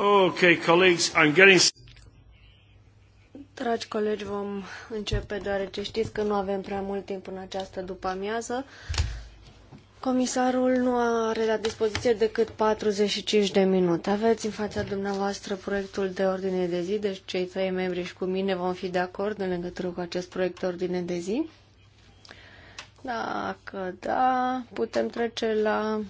Okay, colleagues, I'm getting... Dragi colegi, vom începe deoarece știți că nu avem prea mult timp în această după-amiază. Comisarul nu are la dispoziție decât 45 de minute. Aveți în fața dumneavoastră proiectul de ordine de zi, deci cei trei membri și cu mine vom fi de acord în legătură cu acest proiect de ordine de zi. Dacă da, putem trece la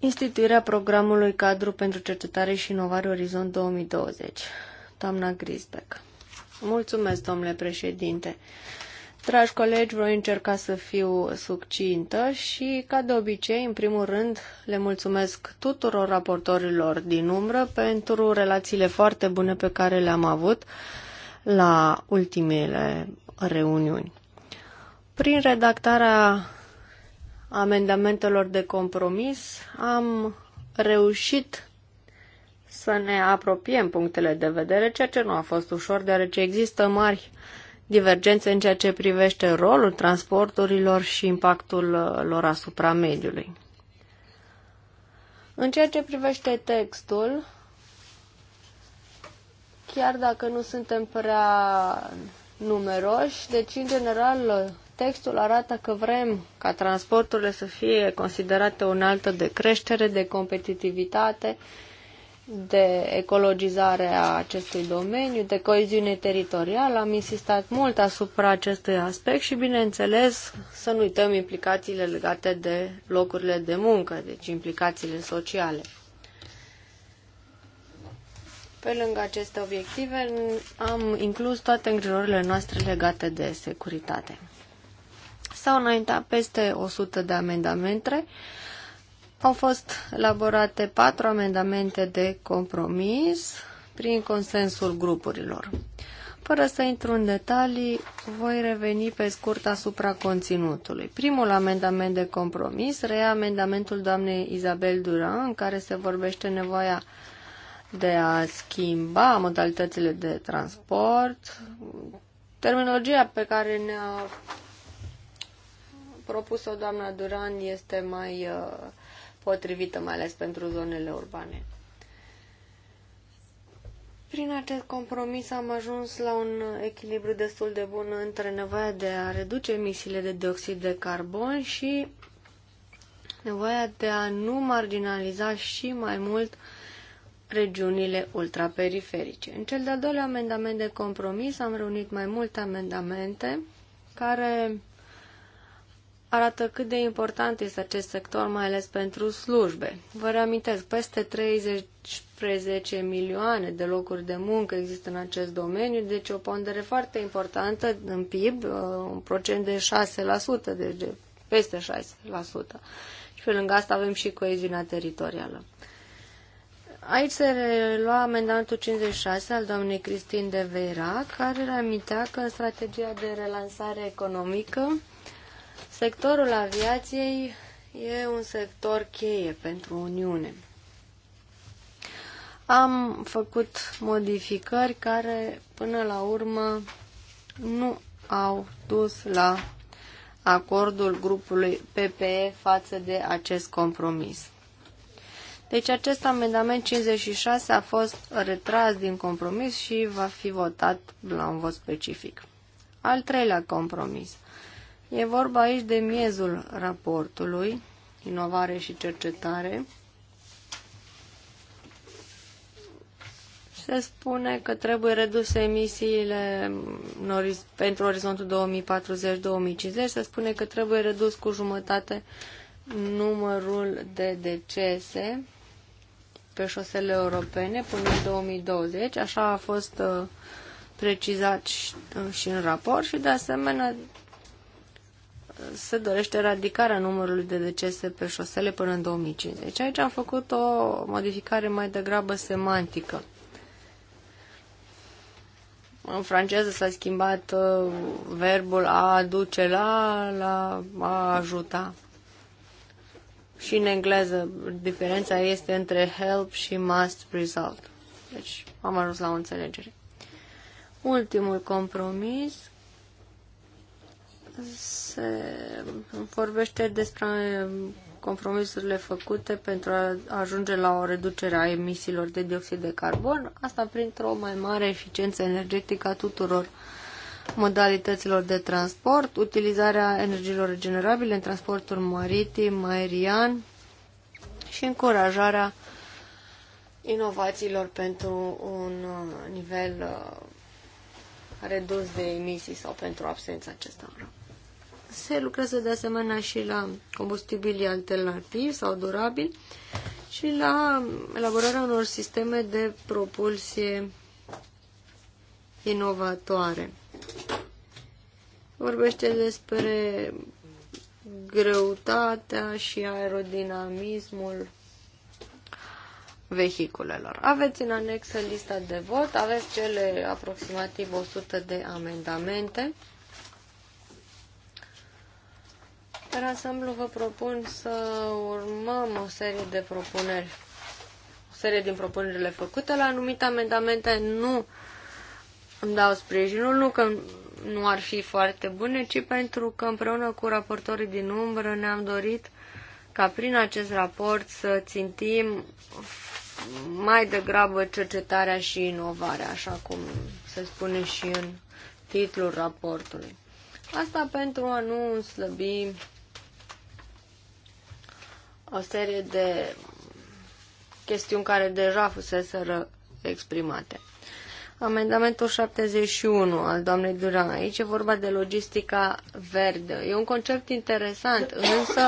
instituirea programului cadru pentru cercetare și inovare Orizont 2020. Doamna Grisbeck. Mulțumesc, domnule președinte. Dragi colegi, voi încerca să fiu succintă și, ca de obicei, în primul rând, le mulțumesc tuturor raportorilor din umbră pentru relațiile foarte bune pe care le-am avut la ultimele reuniuni. Prin redactarea amendamentelor de compromis, am reușit să ne apropiem punctele de vedere, ceea ce nu a fost ușor, deoarece există mari divergențe în ceea ce privește rolul transporturilor și impactul uh, lor asupra mediului. În ceea ce privește textul, chiar dacă nu suntem prea numeroși, deci în general textul arată că vrem ca transporturile să fie considerate o unaltă de creștere, de competitivitate, de ecologizare a acestui domeniu, de coeziune teritorială. Am insistat mult asupra acestui aspect și, bineînțeles, să nu uităm implicațiile legate de locurile de muncă, deci implicațiile sociale. Pe lângă aceste obiective, am inclus toate îngrijorările noastre legate de securitate. S-au înaintat peste 100 de amendamente. Au fost elaborate patru amendamente de compromis prin consensul grupurilor. Fără să intru în detalii, voi reveni pe scurt asupra conținutului. Primul amendament de compromis rea amendamentul doamnei Isabel Duran, în care se vorbește nevoia de a schimba modalitățile de transport, terminologia pe care ne-a propus-o doamna Duran este mai uh, potrivită, mai ales pentru zonele urbane. Prin acest compromis am ajuns la un echilibru destul de bun între nevoia de a reduce emisiile de dioxid de carbon și nevoia de a nu marginaliza și mai mult regiunile ultraperiferice. În cel de-al doilea amendament de compromis am reunit mai multe amendamente care arată cât de important este acest sector, mai ales pentru slujbe. Vă reamintesc, peste 13 milioane de locuri de muncă există în acest domeniu, deci o pondere foarte importantă în PIB, uh, un procent de 6%, deci de peste 6%. Și pe lângă asta avem și coeziunea teritorială. Aici se lua amendamentul 56 al doamnei Cristin de Vera, care reamintea că în strategia de relansare economică Sectorul aviației e un sector cheie pentru Uniune. Am făcut modificări care, până la urmă, nu au dus la acordul grupului PPE față de acest compromis. Deci acest amendament 56 a fost retras din compromis și va fi votat la un vot specific. Al treilea compromis – E vorba aici de miezul raportului, inovare și cercetare. Se spune că trebuie reduse emisiile pentru orizontul 2040-2050, se spune că trebuie redus cu jumătate numărul de decese pe șosele europene până în 2020, așa a fost uh, precizat uh, și în raport și de asemenea se dorește eradicarea numărului de decese pe șosele până în 2050. Aici am făcut o modificare mai degrabă semantică. În franceză s-a schimbat uh, verbul a aduce la, la a ajuta. Și în engleză diferența este între help și must result. Deci am ajuns la o înțelegere. Ultimul compromis se vorbește despre compromisurile făcute pentru a ajunge la o reducere a emisiilor de dioxid de carbon, asta printr-o mai mare eficiență energetică a tuturor modalităților de transport, utilizarea energiilor regenerabile în transportul maritim, aerian și încurajarea inovațiilor pentru un uh, nivel uh, redus de emisii sau pentru absența acestora. Se lucrează de asemenea și la combustibili alternativi sau durabili și la elaborarea unor sisteme de propulsie inovatoare. Vorbește despre greutatea și aerodinamismul vehiculelor. Aveți în anexă lista de vot, aveți cele aproximativ 100 de amendamente. Per asamblu vă propun să urmăm o serie de propuneri, o serie din propunerile făcute. La anumite amendamente nu îmi dau sprijinul, nu că nu ar fi foarte bune, ci pentru că împreună cu raportorii din umbră ne-am dorit ca prin acest raport să țintim mai degrabă cercetarea și inovarea, așa cum se spune și în titlul raportului. Asta pentru a nu slăbi o serie de chestiuni care deja fuseseră exprimate. Amendamentul 71 al doamnei Duran. Aici e vorba de logistica verde. E un concept interesant, însă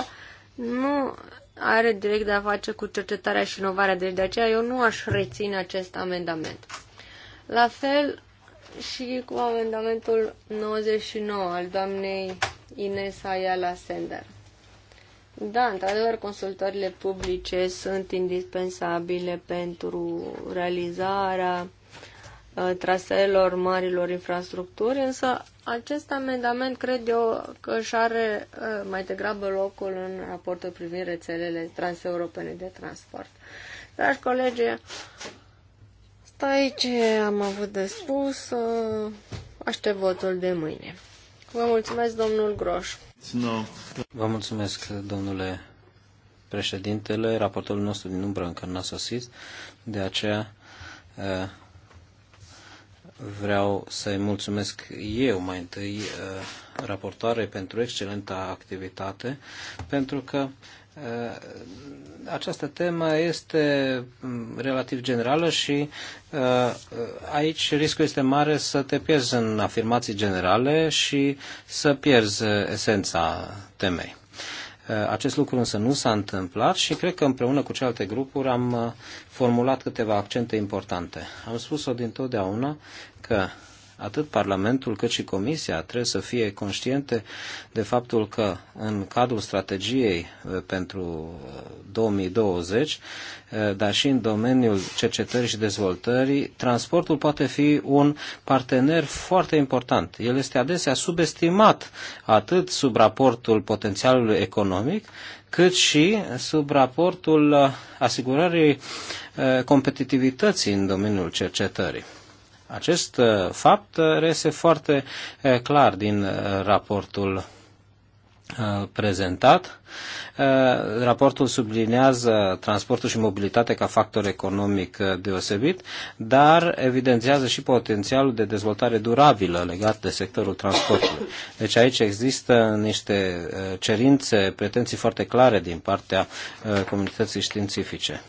nu are direct de a face cu cercetarea și inovarea, deci de aceea eu nu aș reține acest amendament. La fel și cu amendamentul 99 al doamnei Ines Ayala Sender. Da, într-adevăr, consultările publice sunt indispensabile pentru realizarea uh, traseelor marilor infrastructuri, însă acest amendament cred eu că își are uh, mai degrabă locul în raportul privind rețelele transeuropene de transport. Dragi colegi, stai aici am avut de spus, uh, aștept votul de mâine. Vă mulțumesc, domnul Groș. Vă mulțumesc, domnule președintele. Raportorul nostru din umbră încă n-a sosit, de aceea vreau să-i mulțumesc eu mai întâi raportoare pentru excelenta activitate, pentru că Uh, această temă este mm, relativ generală și uh, aici riscul este mare să te pierzi în afirmații generale și să pierzi esența temei. Uh, acest lucru însă nu s-a întâmplat și cred că împreună cu celelalte grupuri am formulat câteva accente importante. Am spus-o dintotdeauna că atât Parlamentul cât și Comisia trebuie să fie conștiente de faptul că în cadrul strategiei uh, pentru 2020, uh, uh, dar și în domeniul cercetării și dezvoltării, transportul poate fi un partener foarte important. El este adesea subestimat atât sub raportul potențialului economic, cât și sub raportul asigurării competitivității în domeniul cercetării. Acest uh, fapt uh, rese foarte uh, clar din raportul prezentat. Raportul sublinează transportul și mobilitate ca factor economic deosebit, dar evidențiază și potențialul de dezvoltare durabilă legat de sectorul transportului. Deci aici există niște cerințe, pretenții foarte clare din partea comunității științifice.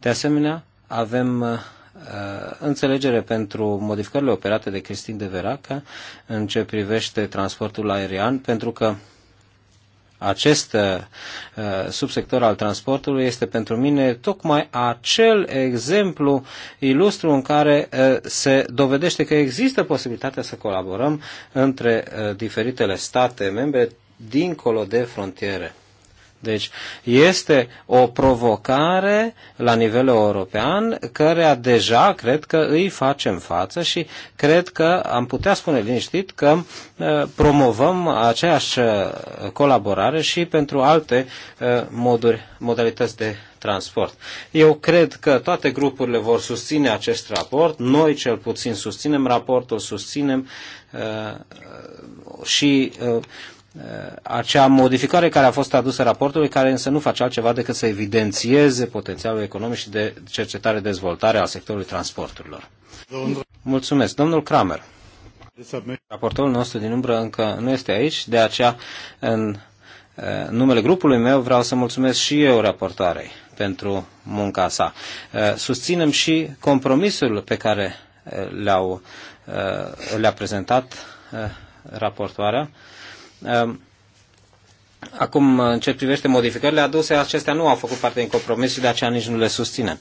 De asemenea, avem Uh, înțelegere pentru modificările operate de Cristin de Veraca în ce privește transportul aerian, pentru că acest uh, subsector al transportului este pentru mine tocmai acel exemplu ilustru în care uh, se dovedește că există posibilitatea să colaborăm între diferitele state membre dincolo de frontiere. Deci este o provocare la nivel european, cărea deja cred că îi facem față și cred că am putea spune liniștit că uh, promovăm aceeași uh, colaborare și pentru alte uh, moduri, modalități de transport. Eu cred că toate grupurile vor susține acest raport, noi cel puțin susținem raportul, susținem uh, și uh, Uh, acea modificare care a fost adusă raportului, care însă nu face altceva decât să evidențieze potențialul economic și de cercetare-dezvoltare al sectorului transporturilor. Mulțumesc. Domnul Kramer. Raportorul nostru din umbră încă nu este aici, de aceea în uh, numele grupului meu vreau să mulțumesc și eu raportoarei pentru munca sa. Uh, susținem și compromisul pe care le-au, le-a prezentat raportoarea Ehm, acum, în ce privește modificările aduse, acestea nu au făcut parte din compromis și de aceea nici nu le susținem.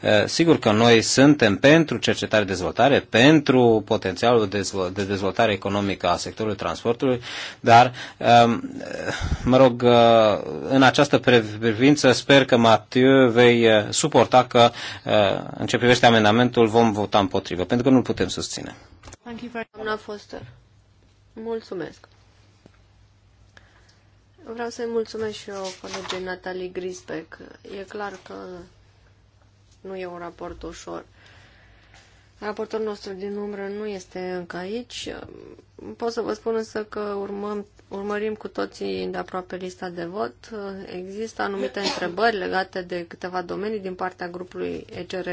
Ehm, sigur că noi suntem pentru cercetare-dezvoltare, pentru potențialul de dezvoltare economică a sectorului transportului, dar, ehm, mă rog, în această privință sper că, Mathieu, vei suporta că, în ce privește amendamentul, vom vota împotrivă, pentru că nu-l putem susține. Mulțumesc. Vreau să-i mulțumesc și eu colegei Natalie Grisbeck. E clar că nu e un raport ușor. Raportorul nostru din umbră nu este încă aici. Pot să vă spun însă că urmăm, urmărim cu toții de aproape lista de vot. Există anumite întrebări legate de câteva domenii din partea grupului ECR.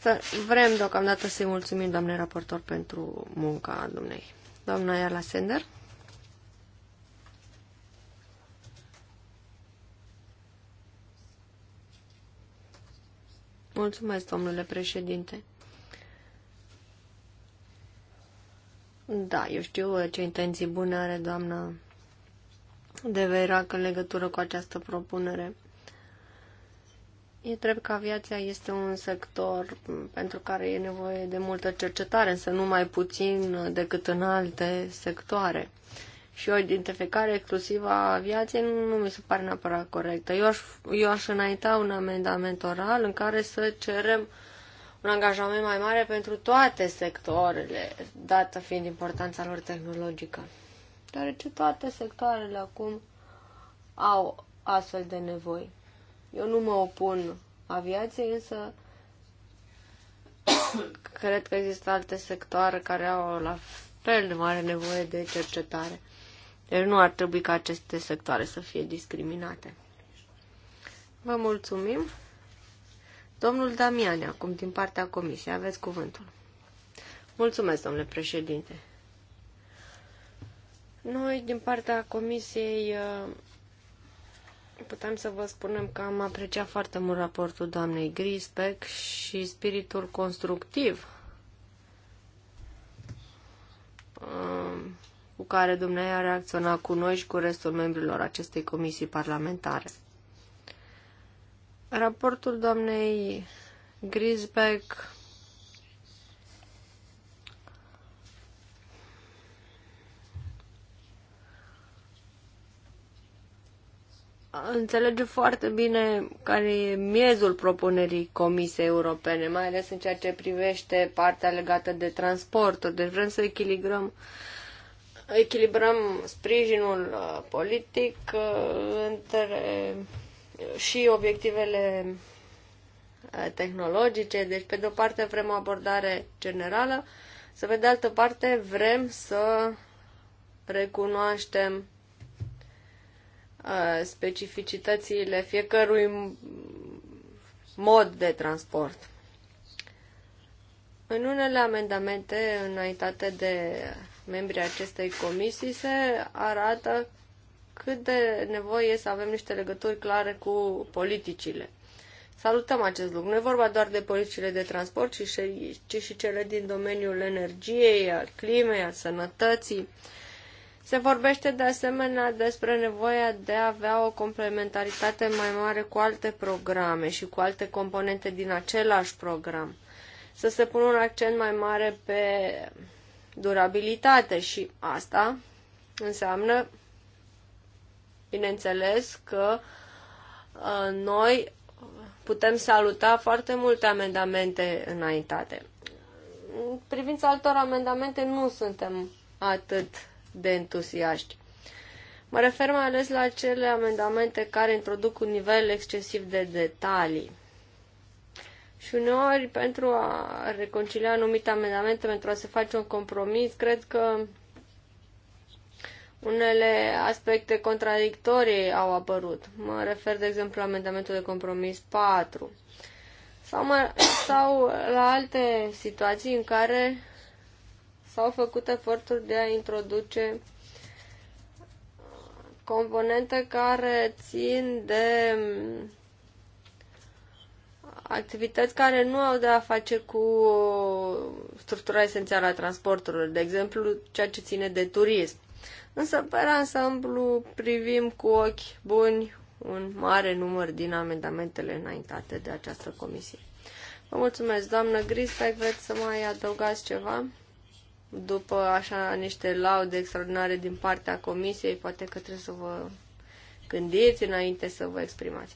Să vrem deocamdată să-i mulțumim, doamne raportor, pentru munca dumnei. Doamna Iala Sender. Mulțumesc, domnule președinte. Da, eu știu ce intenții bune are doamna de Verac în legătură cu această propunere. E drept că aviația este un sector pentru care e nevoie de multă cercetare, însă nu mai puțin decât în alte sectoare. Uh, și o identificare exclusivă a aviației nu, nu mi se pare neapărat corectă. Eu aș, eu aș înainta un amendament oral în care să cerem un angajament mai mare pentru toate sectoarele, dată fiind importanța lor tehnologică. Deoarece toate sectoarele acum au astfel de nevoi. Eu nu mă opun aviației, însă cred că există alte sectoare care au la fel de mare nevoie de cercetare. Deci nu ar trebui ca aceste sectoare să fie discriminate. Vă mulțumim. Domnul Damian, acum din partea comisiei, aveți cuvântul. Mulțumesc, domnule președinte. Noi, din partea comisiei, putem să vă spunem că am apreciat foarte mult raportul doamnei Grisbeck și spiritul constructiv um, cu care dumneavoastră a reacționat cu noi și cu restul membrilor acestei comisii parlamentare. Raportul doamnei Grisbeck înțelege foarte bine care e miezul propunerii Comisiei Europene, mai ales în ceea ce privește partea legată de transporturi. Deci vrem să echilibrăm uh, echilibrăm sprijinul uh, politic uh, între uh, și obiectivele tehnologice. Deci, pe de o parte vrem o abordare generală, să pe de altă parte vrem să recunoaștem specificitățile fiecărui mod de transport. În unele amendamente înaintate de membrii acestei comisii se arată cât de nevoie să avem niște legături clare cu politicile. Salutăm acest lucru. Nu e vorba doar de politicile de transport, ci și, ci și cele din domeniul energiei, al climei, al sănătății. Se vorbește de asemenea despre nevoia de a avea o complementaritate mai mare cu alte programe și cu alte componente din același program. Să se pună un accent mai mare pe durabilitate și asta înseamnă, bineînțeles, că uh, noi putem saluta foarte multe amendamente înaintate. În privința altor amendamente nu suntem atât de entuziaști. Mă refer mai ales la acele amendamente care introduc un nivel excesiv de detalii. Și uneori, pentru a reconcilia anumite amendamente, pentru a se face un compromis, cred că unele aspecte contradictorii au apărut. Mă refer, de exemplu, la amendamentul de compromis 4 sau, mă, sau la alte situații în care s-au făcut eforturi de a introduce componente care țin de activități care nu au de a face cu structura esențială a transporturilor, de exemplu ceea ce ține de turism. Însă, pe ansamblu, privim cu ochi buni un mare număr din amendamentele înaintate de această comisie. Vă mulțumesc, doamnă Grisbeck, vreți să mai adăugați ceva? După așa niște laude extraordinare din partea comisiei, poate că trebuie să vă gândiți înainte să vă exprimați.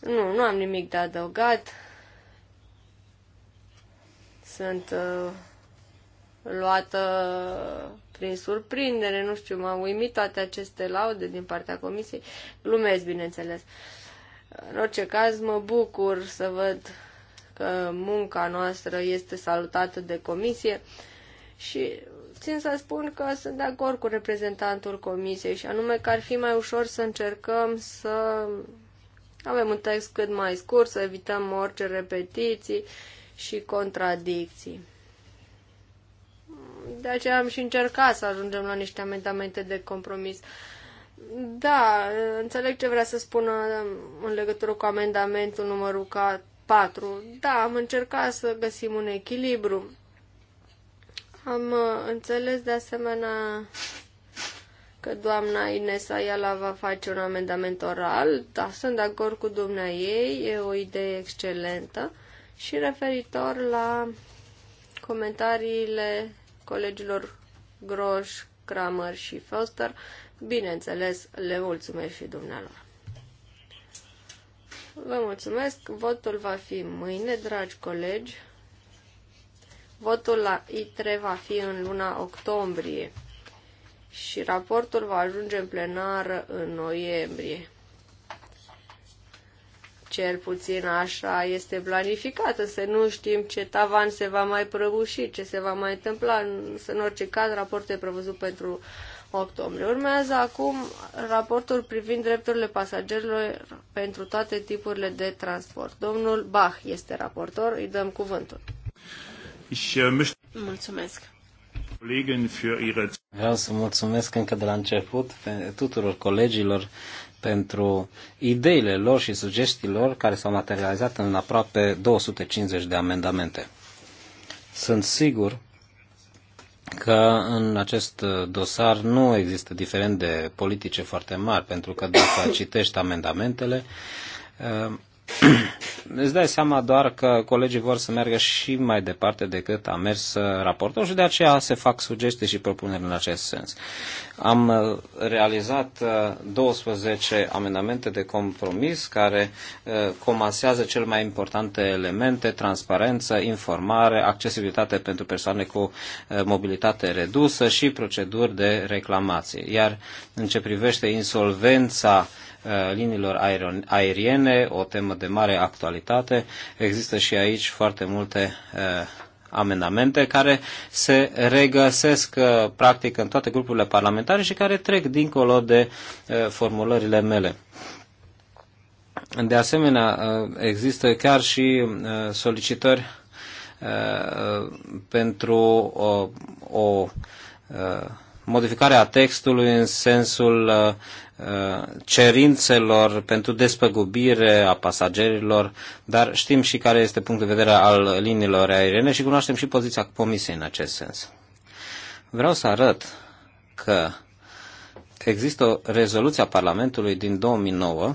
Nu, nu am nimic de adăugat sunt uh, luată prin surprindere, nu știu, m-au uimit toate aceste laude din partea comisiei. Glumesc, bineînțeles. În orice caz, mă bucur să văd că munca noastră este salutată de comisie și țin să spun că sunt de acord cu reprezentantul comisiei și anume că ar fi mai ușor să încercăm să avem un text cât mai scurt, să evităm orice repetiții și contradicții. De aceea am și încercat să ajungem la niște amendamente de compromis. Da, înțeleg ce vrea să spună în legătură cu amendamentul numărul 4. Da, am încercat să găsim un echilibru. Am uh, înțeles de asemenea că doamna Inesa Iala va face un amendament oral. Da, sunt de acord cu dumnea ei, e o idee excelentă și referitor la comentariile colegilor Groș, Kramer și Foster, bineînțeles, le mulțumesc și dumnealor. Vă mulțumesc, votul va fi mâine, dragi colegi. Votul la I3 va fi în luna octombrie și raportul va ajunge în plenară în noiembrie. Cel puțin așa este planificată, să nu știm ce tavan se va mai prăbuși, ce se va mai întâmpla. să în orice caz, raportul e prevăzut pentru octombrie. Urmează acum raportul privind drepturile pasagerilor pentru toate tipurile de transport. Domnul Bach este raportor, îi dăm cuvântul. Äh, mulțumesc. Vreau să mulțumesc încă de la început pe tuturor colegilor pentru ideile lor și sugestiilor care s-au materializat în aproape 250 de amendamente. Sunt sigur că în acest uh, dosar nu există de politice foarte mari, pentru că dacă citești amendamentele, uh, Îți dai seama doar că colegii vor să meargă și mai departe decât a mers uh, raportul și de aceea se fac sugestii și propuneri în acest sens. Am uh, realizat 12 uh, amendamente de compromis care comasează cel mai importante elemente, transparență, informare, accesibilitate pentru persoane cu mobilitate redusă și proceduri de reclamație. Iar în ce privește insolvența, Uh, liniilor aeriene, o temă de mare actualitate. Există și aici foarte multe uh, amendamente care se regăsesc uh, practic în toate grupurile parlamentare și care trec dincolo de formulările mele. De asemenea, există chiar și solicitări pentru o, o modificare a textului în sensul cerințelor pentru despăgubire a pasagerilor, dar știm și care este punctul de vedere al liniilor aeriene și cunoaștem și poziția Comisiei în acest sens. Vreau să arăt că există o rezoluție a Parlamentului din 2009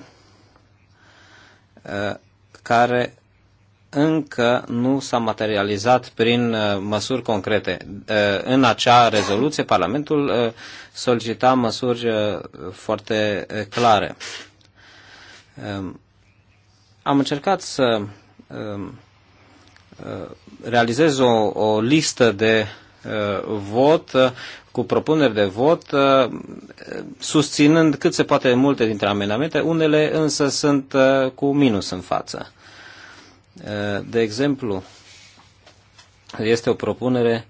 uh, care încă nu s-a materializat prin uh, măsuri concrete. Uh, în acea rezoluție, Parlamentul uh, solicita măsuri foarte clare. Um, am încercat să um, realizez o, o listă de vot cu propuneri de vot, susținând cât se poate multe dintre amendamente, unele însă sunt cu minus în față. De exemplu, este o propunere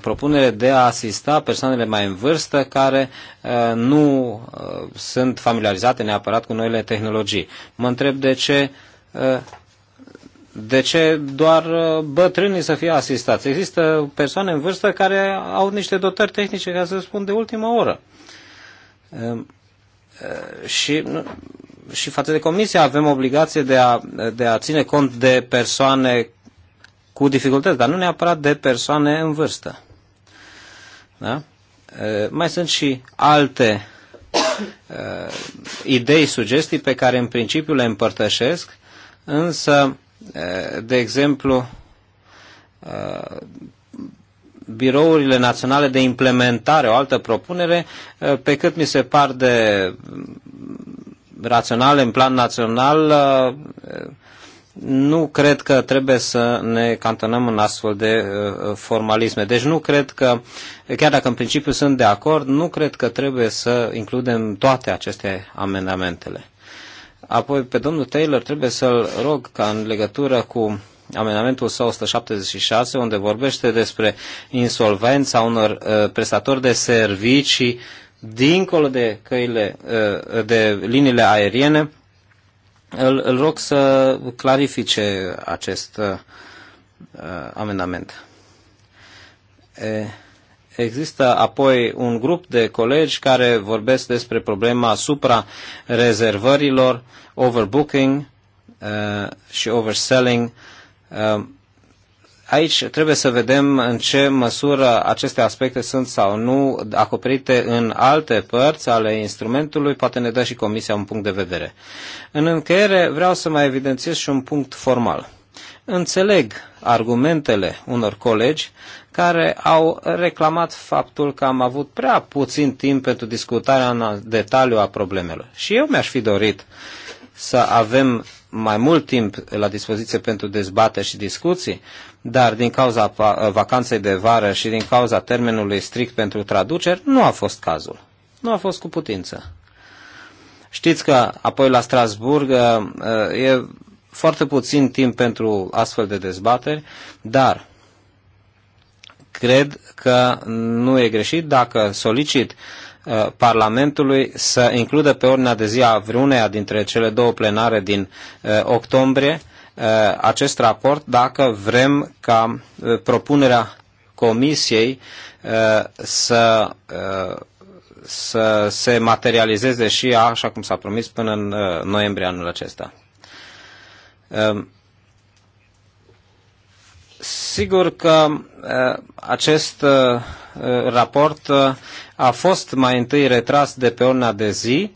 propunere de a asista persoanele mai în vârstă care nu sunt familiarizate neapărat cu noile tehnologii. Mă întreb de ce de ce doar bătrânii să fie asistați? Există persoane în vârstă care au niște dotări tehnice, ca să spun, de ultimă oră. Și și față de comisie avem obligație de a, de a ține cont de persoane cu dificultăți, dar nu neapărat de persoane în vârstă. Da? Mai sunt și alte idei, sugestii pe care în principiu le împărtășesc, însă, de exemplu, birourile naționale de implementare, o altă propunere, pe cât mi se par de raționale în plan național, uh, nu cred că trebuie să ne cantonăm în astfel de uh, formalisme. Deci nu cred că, chiar dacă în principiu sunt de acord, nu cred că trebuie să includem toate aceste amendamentele. Apoi, pe domnul Taylor trebuie să-l rog ca în legătură cu amendamentul 176, unde vorbește despre insolvența unor uh, prestatori de servicii dincolo de căile, uh, de liniile aeriene, îl, îl rog să clarifice acest uh, uh, amendament. Există apoi un grup de colegi care vorbesc despre problema asupra rezervărilor, overbooking și overselling Aici trebuie să vedem în ce măsură aceste aspecte sunt sau nu acoperite în alte părți ale instrumentului, poate ne dă și Comisia un punct de vedere. În încheiere vreau să mai evidențiez și un punct formal. Înțeleg argumentele unor colegi care au reclamat faptul că am avut prea puțin timp pentru discutarea în detaliu a problemelor. Și eu mi-aș fi dorit să avem mai mult timp la dispoziție pentru dezbateri și discuții, dar din cauza vacanței de vară și din cauza termenului strict pentru traduceri, nu a fost cazul. Nu a fost cu putință. Știți că apoi la Strasburg uh, uh, e foarte puțin timp pentru astfel de dezbateri, dar cred că nu e greșit dacă solicit uh, Uh, Parlamentului să includă pe ordinea de zi a vreuneia dintre cele două plenare din uh, octombrie uh, acest raport dacă vrem ca propunerea Comisiei să, să se materializeze și așa cum s-a promis, până în noiembrie anul acesta. Um, Sigur că acest raport a fost mai întâi retras de pe urna de zi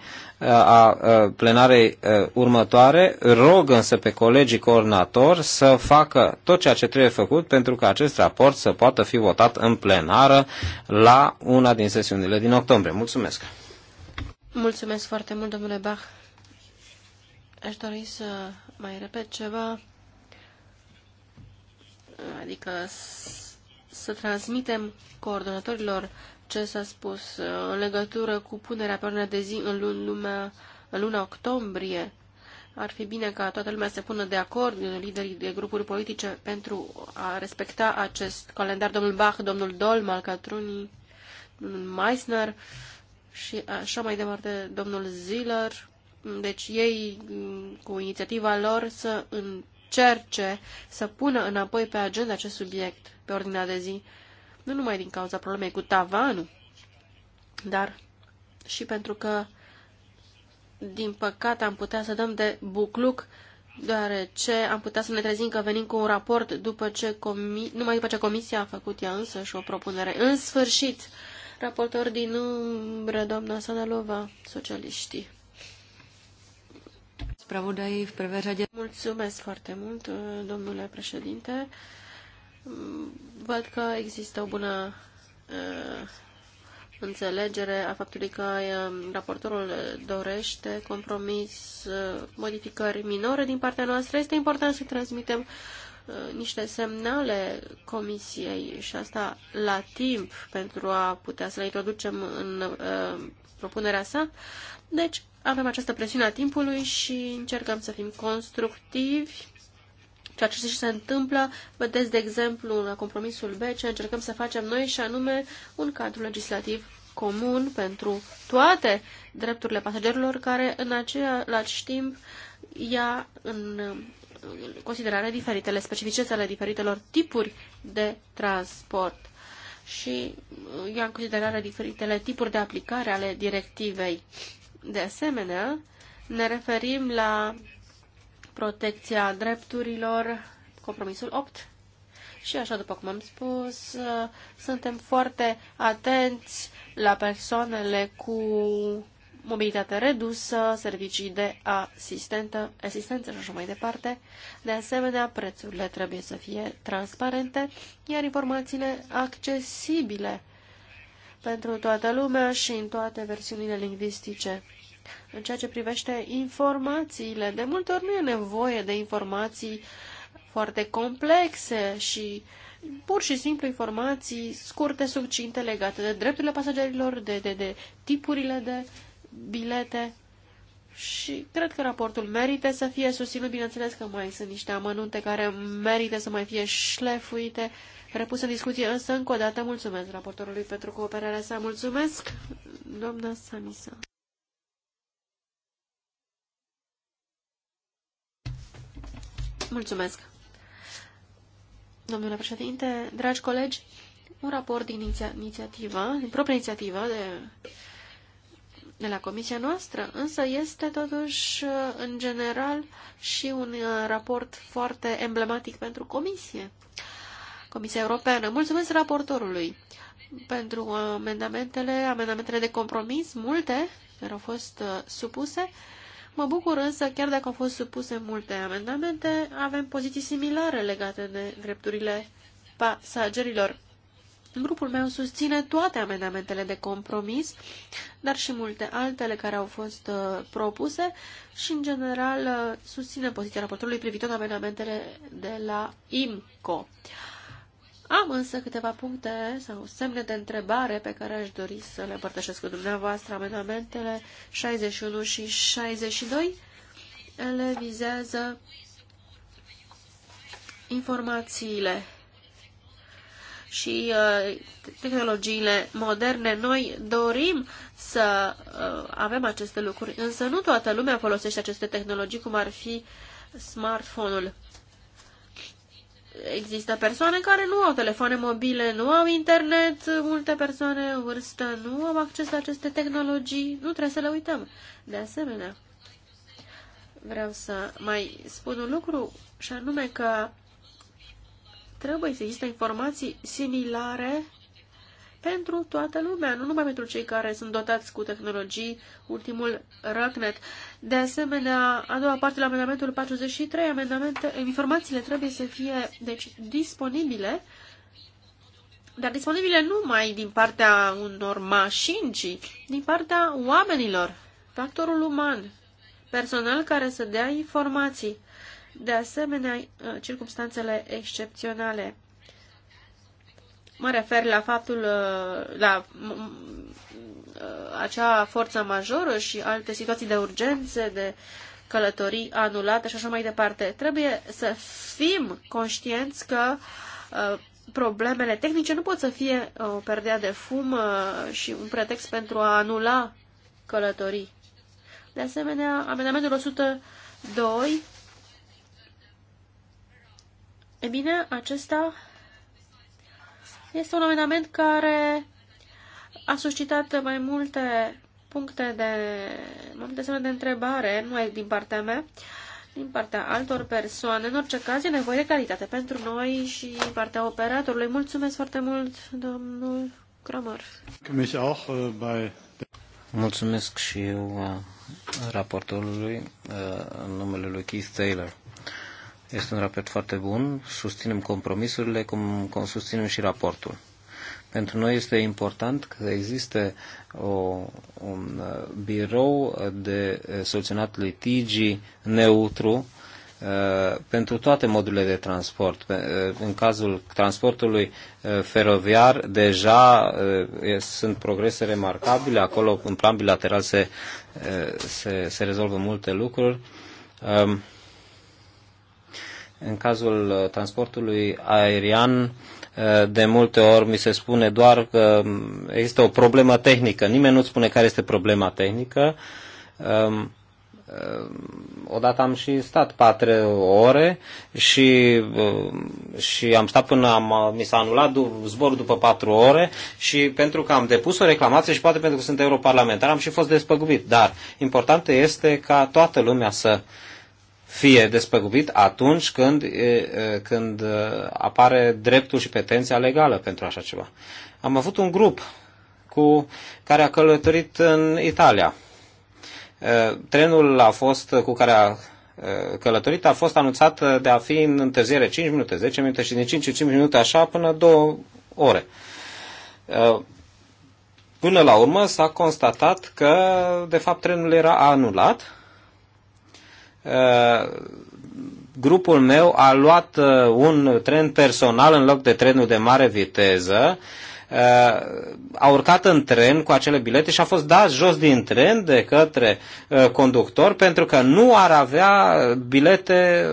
a plenarei următoare. Rog însă pe colegii coordonatori să facă tot ceea ce trebuie făcut pentru ca acest raport să poată fi votat în plenară la una din sesiunile din octombrie. Mulțumesc! Mulțumesc foarte mult, domnule Bach. Aș dori să mai repet ceva adică să transmitem coordonatorilor ce s-a spus uh, în legătură cu punerea pe ordinea de zi în, lumea, în luna octombrie. Ar fi bine ca toată lumea să pună de acord liderii de grupuri politice pentru a respecta acest calendar. Domnul Bach, domnul Dol, Malcatruni, domnul Meissner și așa mai departe, domnul Ziller. Deci ei, mm, cu inițiativa lor, să în încerce să pună înapoi pe agenda acest subiect, pe ordinea de zi, nu numai din cauza problemei cu tavanul, dar și pentru că, din păcate, am putea să dăm de bucluc deoarece am putea să ne trezim că venim cu un raport după ce comi numai după ce comisia a făcut ea însă și o propunere. În sfârșit, raportor din umbră, doamna Sanalova, socialiștii v prvé řadě. Mulțumesc foarte mult, domnule președinte. Văd că există o bună înțelegere a faptului că raportorul dorește compromis, modificări minore din partea noastră. Este important să transmitem niște semnale comisiei și asta la timp pentru a putea să le introducem în propunerea sa. Deci, avem această presiune a timpului și încercăm să fim constructivi. Ceea ce se întâmplă, vedeți, de exemplu, la compromisul B, ce încercăm să facem noi și anume un cadru legislativ comun pentru toate drepturile pasagerilor care în același timp ia în considerare diferitele specificități ale diferitelor tipuri de transport și ia în considerare diferitele tipuri de aplicare ale directivei. De asemenea, ne referim la protecția drepturilor, compromisul 8, și așa, după cum am spus, suntem foarte atenți la persoanele cu mobilitate redusă, servicii de asistentă, asistență și așa mai departe. De asemenea, prețurile trebuie să fie transparente, iar informațiile accesibile pentru toată lumea și în toate versiunile lingvistice. În ceea ce privește informațiile, de multe ori nu e nevoie de informații foarte complexe și pur și simplu informații scurte, subcinte, legate de drepturile pasagerilor, de, de, de tipurile de bilete. Și cred că raportul merită să fie susținut, bineînțeles că mai sunt niște amănunte care merită să mai fie șlefuite, repus în discuție, însă încă o dată mulțumesc raportorului pentru cooperarea sa. Mulțumesc, doamna Samisa. Mulțumesc. Domnule președinte, dragi colegi, un raport din iniția inițiativă, din propria inițiativă de, de la comisia noastră, însă este totuși, în general, și un uh, raport foarte emblematic pentru comisie. Comisia Europeană. Mulțumesc raportorului pentru amendamentele, amendamentele de compromis, multe care au fost uh, supuse. Mă bucur însă, chiar dacă au fost supuse multe amendamente, avem poziții similare legate de drepturile pasagerilor. Grupul meu susține toate amendamentele de compromis, dar și multe altele care au fost uh, propuse și, în general, uh, susține poziția raportorului privitor amendamentele de la IMCO. Am însă câteva puncte sau semne de întrebare pe care aș dori să le împărtășesc cu dumneavoastră. Amendamentele 61 și 62 ele vizează informațiile și uh, tehnologiile moderne. Noi dorim să uh, avem aceste lucruri, însă nu toată lumea folosește aceste tehnologii, cum ar fi smartphone-ul există persoane care nu au telefoane mobile, nu au internet, multe persoane în vârstă nu au acces la aceste tehnologii, nu trebuie să le uităm. De asemenea, vreau să mai spun un lucru și anume că trebuie să existe informații similare pentru toată lumea, nu numai pentru cei care sunt dotați cu tehnologii, ultimul răcnet. De asemenea, a doua parte la amendamentul 43, amendamente, informațiile trebuie să fie deci, disponibile, dar disponibile numai din partea unor mașini, ci din partea oamenilor, factorul uman, personal care să dea informații. De asemenea, circumstanțele excepționale. Mă refer la faptul, uh, la uh, acea forță majoră și alte situații de urgențe, de călătorii anulate și așa mai departe. Trebuie să fim conștienți că uh, problemele tehnice nu pot să fie o perdea de fum și un pretext pentru a anula călătorii. De asemenea, amendamentul 102, e bine, acesta este un amendament care a suscitat mai multe puncte de, mai multe semne de întrebare, nu din partea mea, din partea altor persoane. În orice caz, e nevoie de calitate pentru noi și din partea operatorului. Mulțumesc foarte mult, domnul Kramer. Uh, Mulțumesc și eu uh, raportorului uh, în numele lui Keith Taylor. Este un raport foarte bun, susținem compromisurile cum, cum susținem și raportul. Pentru noi este important că există o, un uh, birou de uh, soluționat litigii neutru uh, pentru toate modurile de transport. În cazul transportului feroviar, deja sunt progrese remarcabile, acolo în plan bilateral se, se, se rezolvă multe lucruri. Um, în cazul uh, transportului aerian, uh, de multe ori mi se spune doar că um, există o problemă tehnică. Nimeni nu spune care este problema tehnică. Um, um, odată am și stat patru ore și, și am stat până am, uh, mi s-a anulat zborul după patru ore și pentru că am depus o reclamație și poate pentru că sunt europarlamentar am și fost despăgubit. Dar important este ca toată lumea să uh, fie despăgubit atunci când, când apare dreptul și petenția legală pentru așa ceva. Am avut un grup cu care a călătorit în Italia. Trenul a fost cu care a călătorit a fost anunțat de a fi în întârziere 5 minute, 10 minute și din 5 în 5 minute așa până 2 ore. Până la urmă s-a constatat că de fapt trenul era anulat Uh, grupul meu a luat uh, un tren personal în loc de trenul de mare viteză, uh, a urcat în tren cu acele bilete și a fost dat jos din tren de către conductor pentru că nu ar avea bilete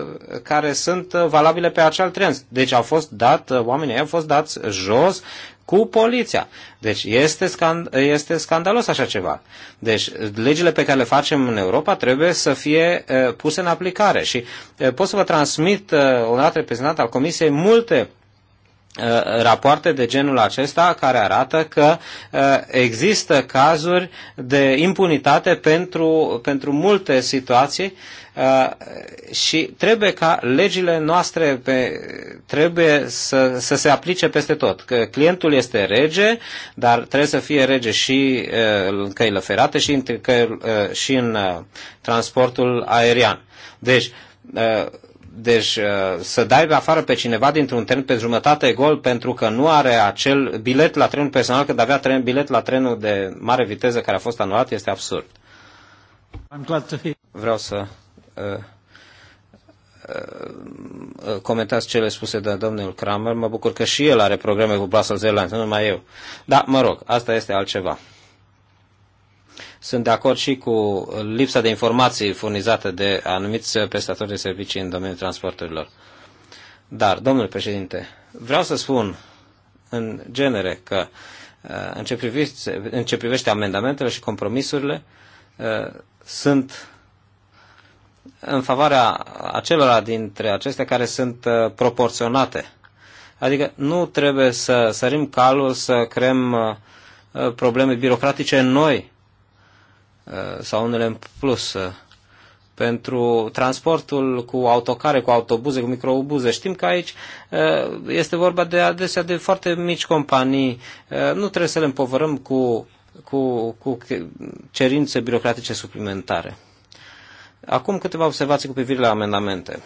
care sunt valabile pe acel tren. Deci au fost dat, oamenii au fost dați jos cu poliția. Deci este, scand- este scandalos așa ceva. Deci legile pe care le facem în Europa trebuie să fie uh, puse în aplicare și uh, pot să vă transmit uh, un alt reprezentant al Comisiei multe Uh, rapoarte de genul acesta care arată că uh, există cazuri de impunitate pentru, pentru multe situații uh, și trebuie ca legile noastre pe, trebuie să, să se aplice peste tot. Că clientul este rege, dar trebuie să fie rege și în căile ferate și în, și în transportul aerian. Deci, deci uh, să dai afară pe cineva dintr-un tren pe jumătate gol pentru că nu are acel bilet la trenul personal, când avea tren, bilet la trenul de mare viteză care a fost anulat, este absurd. Vreau să uh, uh, uh, comentați cele spuse de domnul Kramer. Mă bucur că și el are probleme cu Brussels Airlines, nu numai eu. Da, mă rog, asta este altceva. Sunt de acord și cu lipsa de informații furnizate de anumiți prestatori de servicii în domeniul transporturilor. Dar, domnule președinte, vreau să spun în genere că uh, în ce, privește, în ce privește amendamentele și compromisurile, uh, sunt în favoarea acelora dintre acestea care sunt uh, proporționate. Adică nu trebuie să sărim calul, să creăm probleme birocratice noi Uh, sau unele în plus. Uh, pentru transportul cu autocare, cu autobuze, cu microbuze, știm că aici uh, este vorba de adesea de foarte mici companii. Nu trebuie să le împovărăm cu, cu, cu cerințe birocratice suplimentare. Acum câteva observații cu privire la amendamente.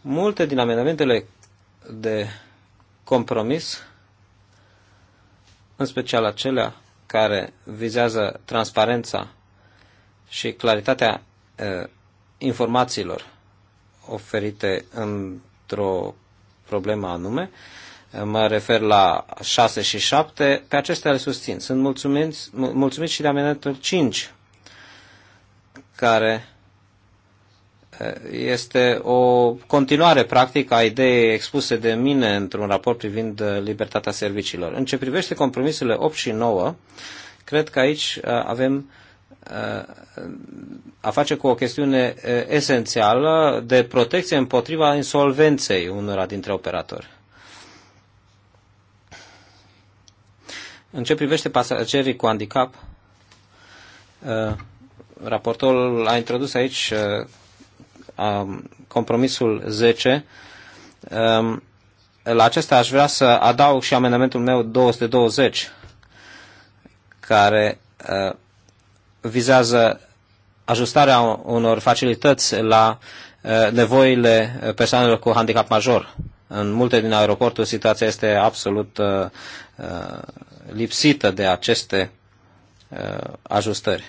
Multe din amendamentele de compromis, în special acelea care vizează transparența și claritatea informațiilor oferite într-o problemă anume, mă refer la 6 și 7, pe acestea le susțin. Sunt mulțumit, mulțumiți și de amendamentul 5, care este o continuare practică a ideii expuse de mine într-un raport privind uh, libertatea serviciilor. În ce privește compromisurile 8 și 9, cred că aici uh, avem uh, a face cu o chestiune esențială de protecție împotriva insolvenței unora dintre operatori. În ce privește pasagerii cu handicap, raportorul a introdus aici compromisul 10, um, la acesta aș vrea să adaug și amendamentul meu 220, care uh, vizează ajustarea unor facilități la uh, nevoile persoanelor cu handicap major. În multe din aeroporturi situația este absolut uh, lipsită de aceste ajustări.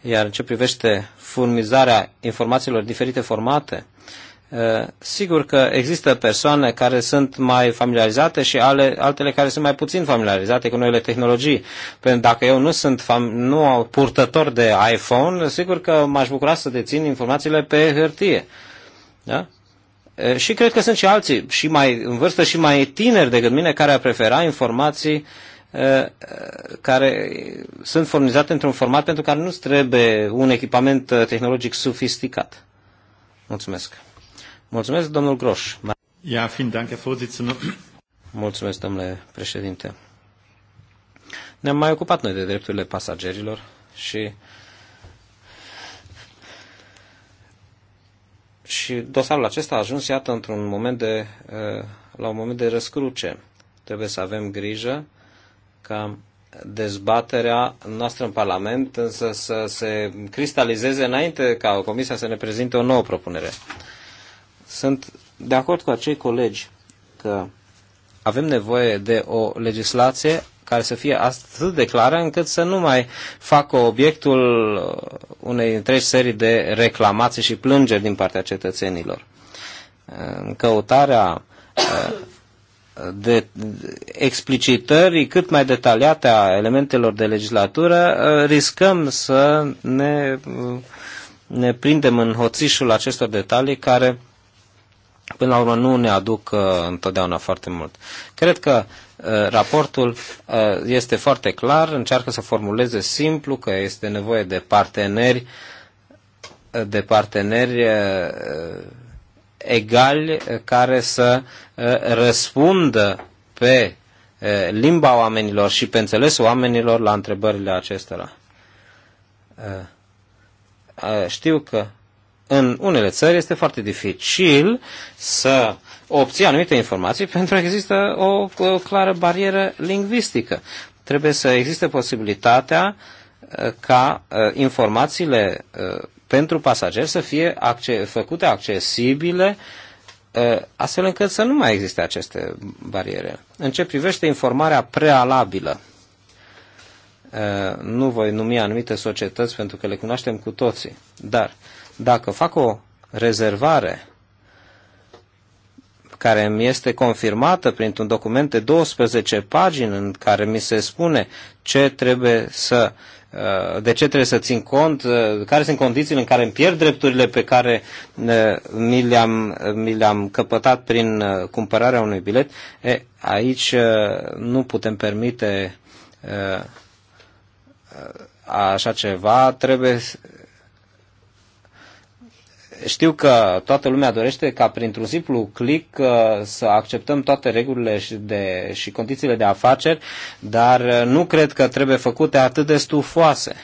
Iar în ce privește furnizarea informațiilor diferite formate, eh, sigur că există persoane care sunt mai familiarizate și ale, altele care sunt mai puțin familiarizate cu noile tehnologii. Pentru că dacă eu nu sunt fam, nu purtător de iPhone, sigur că m-aș bucura să dețin informațiile pe hârtie. Da? Eh, și cred că sunt și alții, și mai în vârstă și mai tineri decât mine, care ar prefera informații uh, Uh, care sunt furnizate într-un format pentru care nu trebuie un echipament uh, tehnologic sofisticat. Mulțumesc. Mulțumesc, domnul Groș. Ja, vielen Dank, Herr Vorsitzender. Mulțumesc, domnule președinte. Ne-am mai ocupat noi de drepturile pasagerilor și și dosarul acesta a ajuns, iată, într-un moment de, uh, la un moment de răscruce. Trebuie să avem grijă ca dezbaterea noastră în Parlament însă să se cristalizeze înainte ca Comisia să ne prezinte o nouă propunere. Sunt de acord cu acei colegi că avem nevoie de o legislație care să fie atât de clară încât să nu mai facă obiectul unei întregi serii de reclamații și plângeri din partea cetățenilor. Căutarea de explicitării cât mai detaliate a elementelor de legislatură, uh, riscăm să ne, uh, ne prindem în hoțișul acestor detalii care, până la urmă, nu ne aduc uh, întotdeauna foarte mult. Cred că raportul este foarte clar, încearcă să formuleze simplu că este nevoie de parteneri de parteneri egali eh, care să eh, răspundă pe eh, limba oamenilor și pe înțelesul oamenilor la întrebările acestora. Știu că în unele țări este foarte dificil să obții anumite informații pentru că există o, o clară barieră lingvistică. Trebuie să existe posibilitatea ca informațiile pentru pasageri să fie acce- făcute accesibile astfel încât să nu mai existe aceste bariere. În ce privește informarea prealabilă, nu voi numi anumite societăți pentru că le cunoaștem cu toții, dar dacă fac o rezervare care mi este confirmată printr-un document de 12 pagini în care mi se spune ce trebuie să uh, Uh, de ce trebuie să țin cont, uh, care sunt condițiile în care îmi pierd drepturile pe care uh, mi le-am, mi le-am căpătat prin cumpărarea unui bilet. E, aici nu putem permite așa ceva, trebuie știu că toată lumea dorește ca printr-un simplu click uh, să acceptăm toate regulile și, de, și condițiile de afaceri, dar uh, nu cred că trebuie făcute atât de stufoase.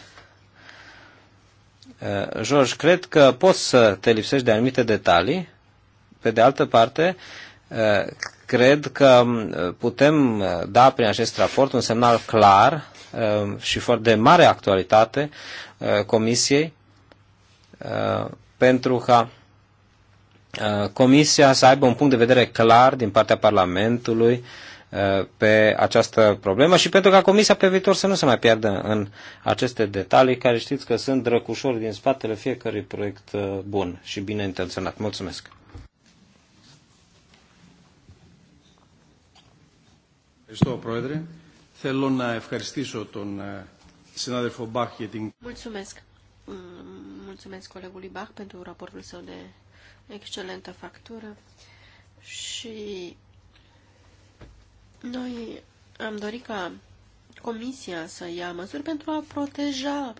Uh, George, cred că poți să te lipsești de anumite detalii. Pe de altă parte, cred că um, putem da prin acest raport un semnal clar și de mare actualitate Comisiei pentru ca uh, Comisia să aibă un punct de vedere clar din partea Parlamentului uh, pe această problemă și pentru ca Comisia pe viitor să nu se mai pierdă în aceste detalii care știți că sunt drăcușori din spatele fiecărui proiect uh, bun și bine intenționat. Mulțumesc! Ευχαριστώ, Mulțumesc. Mm, mulțumesc colegului Bach pentru raportul său de excelentă factură și noi am dorit ca Comisia să ia măsuri pentru a proteja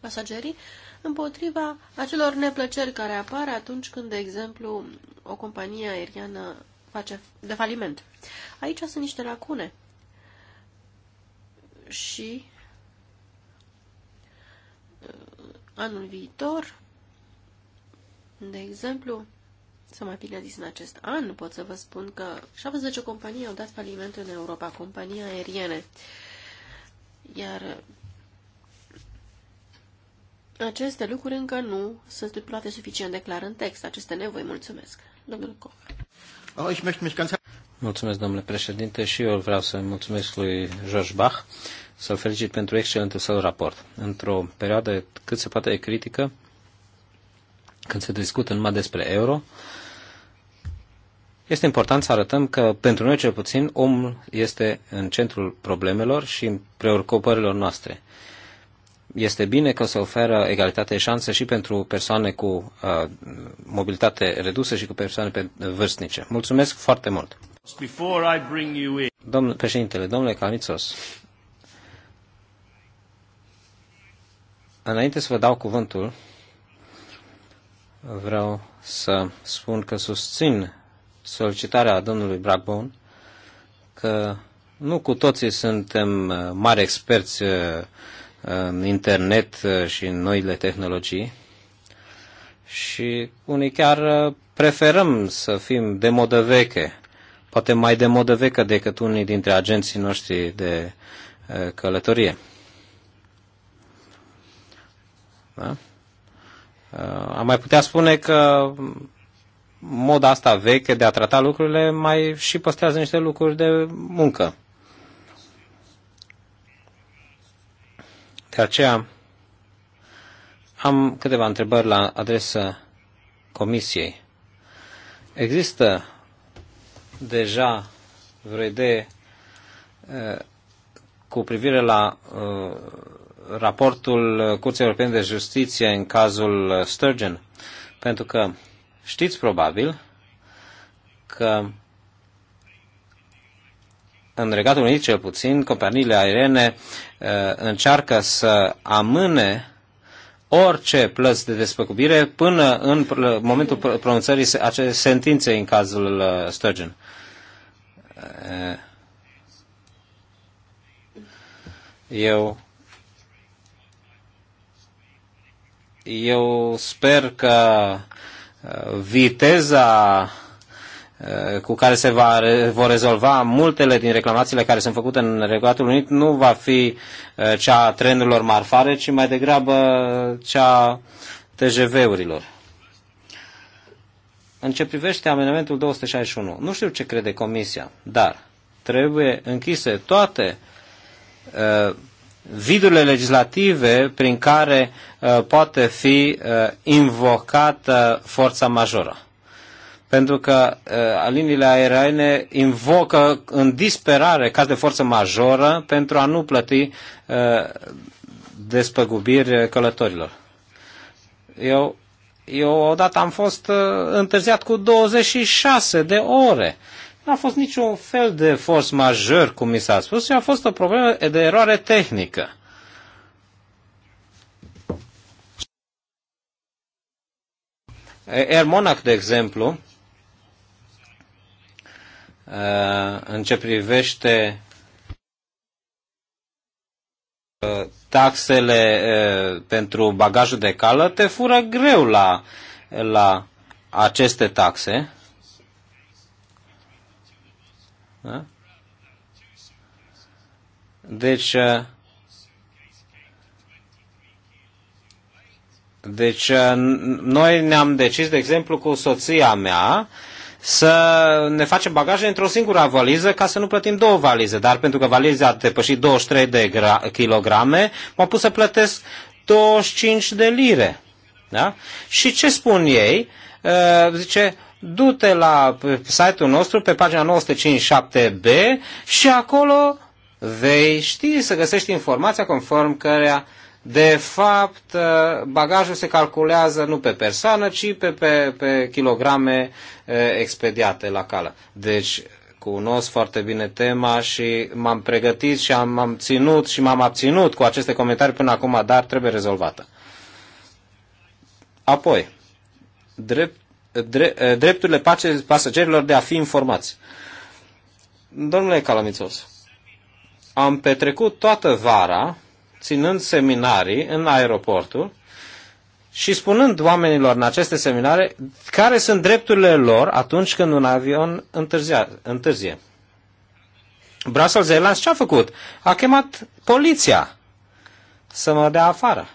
pasagerii împotriva acelor neplăceri care apar atunci când, de exemplu, o companie aeriană face de faliment. Aici sunt niște lacune și anul viitor, de exemplu, să mai bine zis în acest an, pot să vă spun că 70 companii au dat faliment în Europa, companii aeriene. Iar aceste lucruri încă nu sunt stipulate suficient de clar în text. Aceste nevoi, mulțumesc. Domnul Koch. Oh, mulțumesc, domnule președinte, și eu vreau să mulțumesc lui George Bach să-l felicit pentru excelentul său raport. Într-o perioadă cât se poate de critică, când se discută numai despre euro, este important să arătăm că, pentru noi cel puțin, omul este în centrul problemelor și în preocupărilor noastre. Este bine că se oferă egalitate de șanse și pentru persoane cu uh, mobilitate redusă și cu persoane pe, vârstnice. Mulțumesc foarte mult! Domnule președintele, domnule Canițos, Înainte să vă dau cuvântul, vreau să spun că susțin solicitarea domnului Bragbon că nu cu toții suntem uh, mari experți uh, în internet uh, și în noile tehnologii și unii chiar preferăm să fim de modă veche, poate mai de modă veche decât unii dintre agenții noștri de călătorie. Da? Uh, am mai putea spune că moda asta veche de a trata lucrurile mai și păstrează niște lucruri de muncă. De aceea am câteva întrebări la adresa Comisiei. Există deja vreo idee uh, cu privire la uh, raportul Curții Europene de Justiție în cazul Sturgeon, pentru că știți probabil că în Regatul Unit cel puțin, companiile aeriene uh, încearcă să amâne orice plăți de despăcubire până în momentul pronunțării acestei sentințe în cazul uh, Sturgeon. Uh, eu Eu sper că uh, viteza uh, cu care se va, vor rezolva multele din reclamațiile care sunt făcute în Regatul Unit nu va fi uh, cea a trenurilor marfare, ci mai degrabă cea a TGV-urilor. În ce privește amendamentul 261, nu știu ce crede Comisia, dar trebuie închise toate uh, vidurile legislative prin care uh, poate fi uh, invocată forța majoră. Pentru că uh, liniile aeriene invocă în disperare caz de forță majoră pentru a nu plăti uh, despăgubiri călătorilor. Eu, eu odată am fost uh, întârziat cu 26 de ore n-a fost niciun fel de force major, cum mi s-a spus, ci a fost o problemă de eroare tehnică. Air Monarch, de exemplu, uh, în ce privește uh, taxele uh, pentru bagajul de cală, te fură greu la, la aceste taxe. Da? Deci, uh, deci uh, noi ne-am decis, de exemplu, cu soția mea, să ne facem bagaje într-o singură valiză ca să nu plătim două valize. Dar pentru că valiza a depășit 23 de kilograme, m-au pus să plătesc 25 de lire. Da? Și ce spun ei? Uh, zice, du-te la uh, site-ul nostru pe pagina 957B și acolo vei ști să găsești informația conform cărea de fapt, uh, bagajul se calculează nu pe persoană, ci pe, pe, pe kilograme uh, expediate la cală. Deci, cunosc foarte bine tema și m-am pregătit și am, am ținut și m-am abținut cu aceste comentarii până acum, dar trebuie rezolvată. Apoi, drept Eh, drepturile pasagerilor de a fi informați. Domnule Calamițos, am petrecut toată vara ținând seminarii în aeroportul și spunând oamenilor în aceste seminare care sunt drepturile lor atunci când un avion întârzia, întârzie. Brussels Airlines ce a făcut? A chemat poliția să mă dea afară.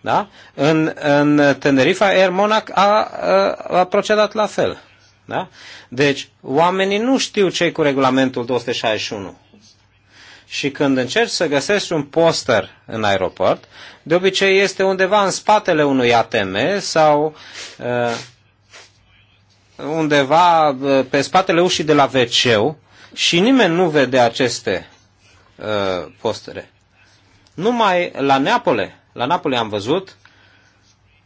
Da? În, în Tenerifa, Air Monac a, a, a procedat la fel. Da? Deci, oamenii nu știu ce cu regulamentul 261. Și când încerci să găsești un poster în aeroport, de obicei este undeva în spatele unui ATM sau uh, undeva uh, pe spatele ușii de la wc și nimeni nu vede aceste uh, postere. Numai la Neapole, la Napoli am văzut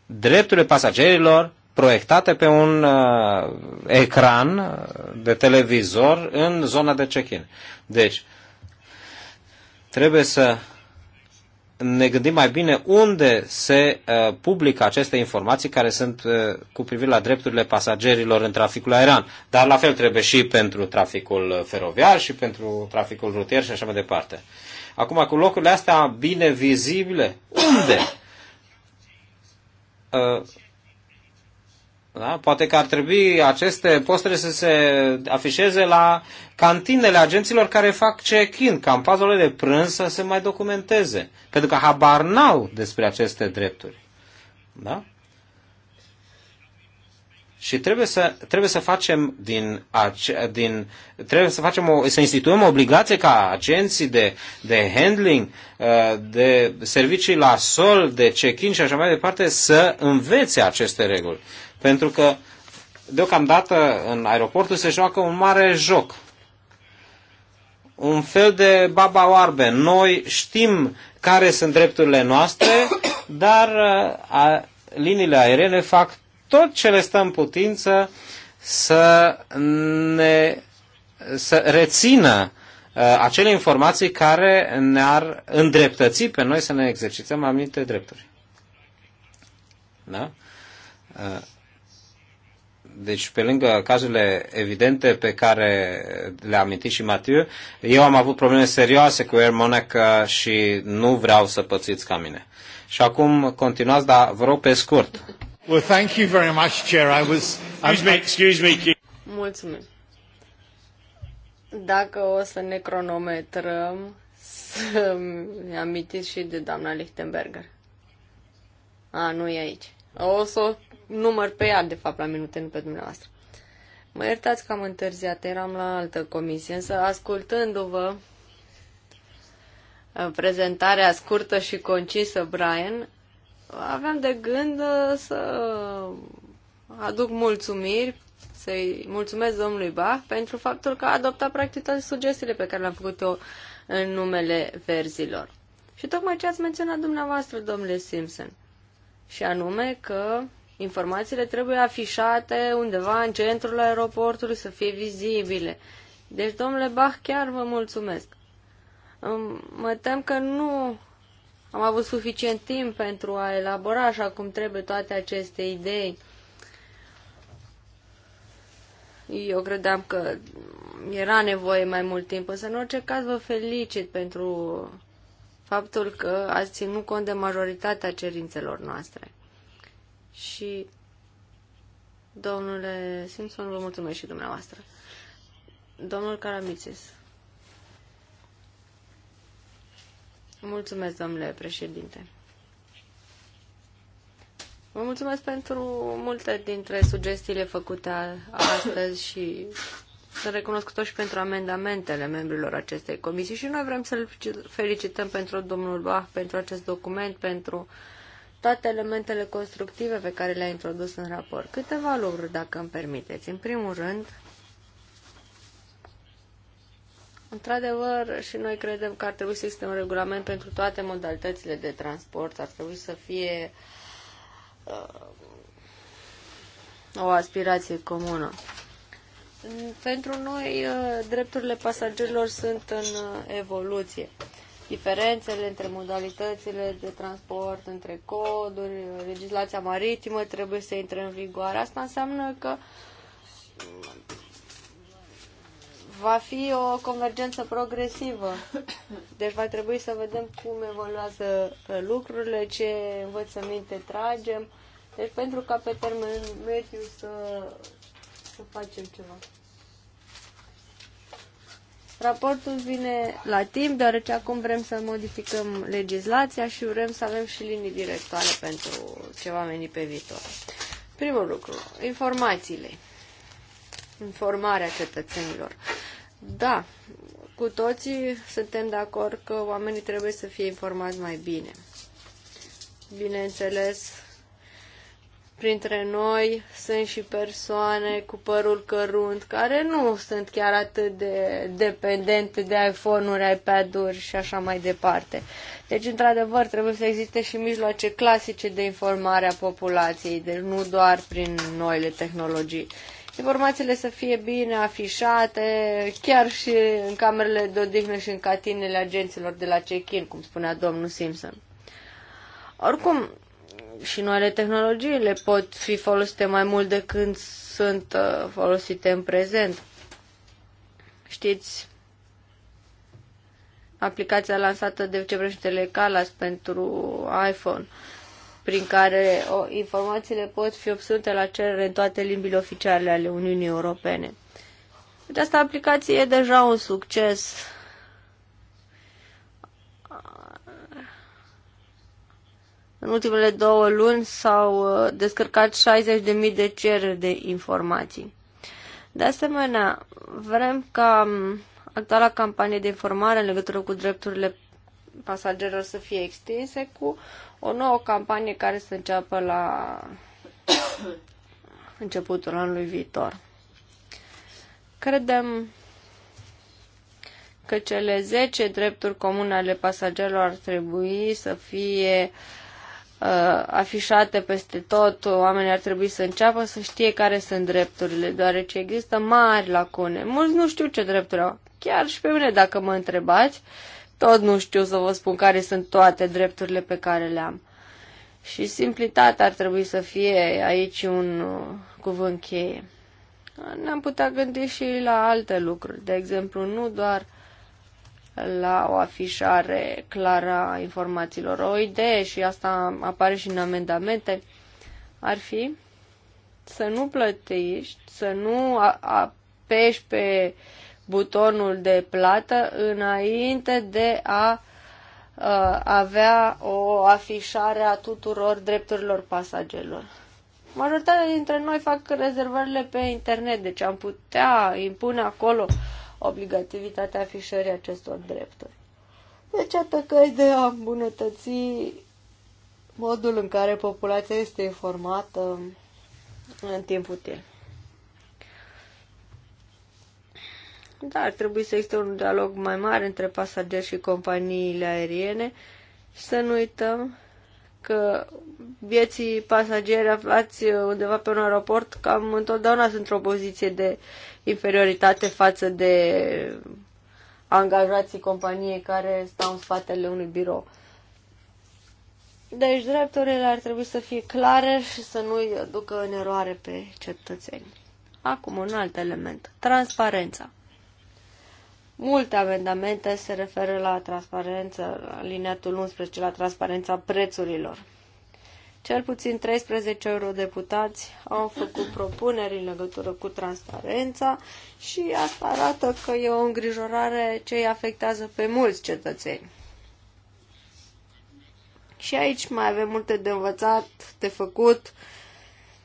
drepturile pasagerilor proiectate pe un uh, ecran de televizor în zona de check-in. Deci, trebuie să ne gândim mai bine unde se uh, publică aceste informații care sunt uh, cu privire la drepturile pasagerilor în traficul aerian. Dar la fel trebuie și pentru traficul uh, feroviar și pentru traficul rutier și așa mai departe. Uh, Acum, cu locurile astea bine vizibile, unde? Uh, da? Poate că ar trebui aceste postere să se afișeze la cantinele agenților care fac check-in, ca în pazurile de prânz să se mai documenteze. Pentru că habar n-au despre aceste drepturi. Da? Și trebuie să, trebuie să facem din, din trebuie să facem o, să instituăm o obligație ca agenții de, de handling, uh, de servicii la sol, de check-in și așa mai departe să învețe aceste reguli. Pentru că deocamdată în aeroportul se joacă un mare joc. Un fel de baba oarbe. Noi știm care sunt drepturile noastre, dar uh, a, liniile aeriene fac tot ce le stă în putință să ne să rețină uh, acele informații care ne-ar îndreptăți pe noi să ne exercităm anumite drepturi. Da? Uh, deci, pe lângă cazurile evidente pe care le-a amintit și Matiu, eu am avut probleme serioase cu Air Monaco și nu vreau să pățiți ca mine. Și acum continuați, dar vă rog pe scurt. Well, thank you very much, Chair. I was... Excuse me, excuse me. Mulțumesc. Dacă o să ne cronometrăm, să-mi amintiți și de doamna Lichtenberger. A, nu e aici. O să număr pe ea, de fapt, la minute, nu pe dumneavoastră. Mă iertați că am întârziat, eram la altă comisie, însă ascultându-vă prezentarea scurtă și concisă, Brian, aveam de gând uh, să aduc mulțumiri, să-i mulțumesc domnului Bach pentru faptul că a adoptat practic toate sugestiile pe care le-am făcut eu în numele verzilor. Și tocmai ce ați menționat dumneavoastră, domnule Simpson, și anume că informațiile trebuie afișate undeva în centrul aeroportului să fie vizibile. Deci, domnule Bach, chiar vă mulțumesc. Mă tem că nu am avut suficient timp pentru a elabora așa cum trebuie toate aceste idei. Eu credeam că era nevoie mai mult timp, însă în orice caz vă felicit pentru faptul că ați ținut cont de majoritatea cerințelor noastre. Și, domnule Simpson, vă mulțumesc și dumneavoastră. Domnul Caramițis. Mulțumesc, domnule președinte. Vă mulțumesc pentru multe dintre sugestiile făcute astăzi și sunt recunoscător și pentru amendamentele membrilor acestei comisii și noi vrem să-l felicităm pentru domnul Bach, pentru acest document, pentru toate elementele constructive pe care le-a introdus în raport. Câteva lucruri, dacă îmi permiteți. În primul rând, Într-adevăr, și noi credem că ar trebui să existe un regulament pentru toate modalitățile de transport. Ar trebui să fie uh, o aspirație comună. Pentru noi, uh, drepturile pasagerilor sunt în uh, evoluție. Diferențele între modalitățile de transport, între coduri, legislația maritimă trebuie să intre în vigoare. Asta înseamnă că va fi o convergență progresivă. Deci va trebui să vedem cum evoluează uh, lucrurile, ce învățăminte tragem. Deci pentru ca pe termen mediu să, să facem ceva. Raportul vine la timp, deoarece acum vrem să modificăm legislația și vrem să avem și linii directoare pentru ce va veni pe viitor. Primul lucru, informațiile informarea cetățenilor. Da, cu toții suntem de acord că oamenii trebuie să fie informați mai bine. Bineînțeles, printre noi sunt și persoane cu părul cărunt care nu sunt chiar atât de dependente de iPhone-uri, iPad-uri și așa mai departe. Deci, într-adevăr, trebuie să existe și mijloace clasice de informare a populației, deci nu doar prin noile tehnologii informațiile să fie bine afișate, chiar și în camerele de odihnă și în catinele agenților de la check-in, cum spunea domnul Simpson. Oricum, și noile tehnologiile pot fi folosite mai mult decât sunt uh, folosite în prezent. Știți, aplicația lansată de vicepreședintele Calas pentru iPhone – prin care informațiile pot fi obținute la cerere în toate limbile oficiale ale Uniunii Europene. Această deci aplicație e deja un succes. În ultimele două luni s-au uh, descărcat 60.000 de cereri de informații. De asemenea, vrem ca um, actuala campanie de informare în legătură cu drepturile pasagerilor să fie extinse cu o nouă campanie care să înceapă la începutul anului viitor. Credem că cele 10 drepturi comune ale pasagerilor ar trebui să fie uh, afișate peste tot, oamenii ar trebui să înceapă să știe care sunt drepturile, deoarece există mari lacune. Mulți nu știu ce drepturi au. Chiar și pe mine, dacă mă întrebați, uh, tot nu știu să vă spun care sunt toate drepturile pe care le am. Și simplitatea ar trebui să fie aici un uh, cuvânt cheie. Ne-am putea gândi și la alte lucruri, de exemplu, nu doar la o afișare clară a informațiilor. O idee, și asta apare și în amendamente, ar fi să nu plătești, să nu apeși pe uh, butonul de plată înainte de a uh, avea o afișare a tuturor drepturilor pasagerilor. Majoritatea dintre noi fac rezervările pe internet, deci am putea impune acolo obligativitatea afișării acestor drepturi. Deci, iată că ideea a îmbunătăți modul în care populația este informată în timp util. Da, ar trebui să existe un dialog mai mare între pasageri și companiile aeriene și să nu uităm că vieții pasageri aflați undeva pe un aeroport cam întotdeauna sunt într-o poziție de inferioritate față de angajații companiei care stau în spatele unui birou. Deci drepturile ar trebui să fie clare și să nu ducă în eroare pe cetățeni. Acum un alt element, transparența. Multe amendamente se referă la transparență, la liniatul 11, la transparența prețurilor. Cel puțin 13 eurodeputați au făcut propuneri în legătură cu transparența și asta arată că e o îngrijorare ce îi afectează pe mulți cetățeni. Și aici mai avem multe de învățat, de făcut.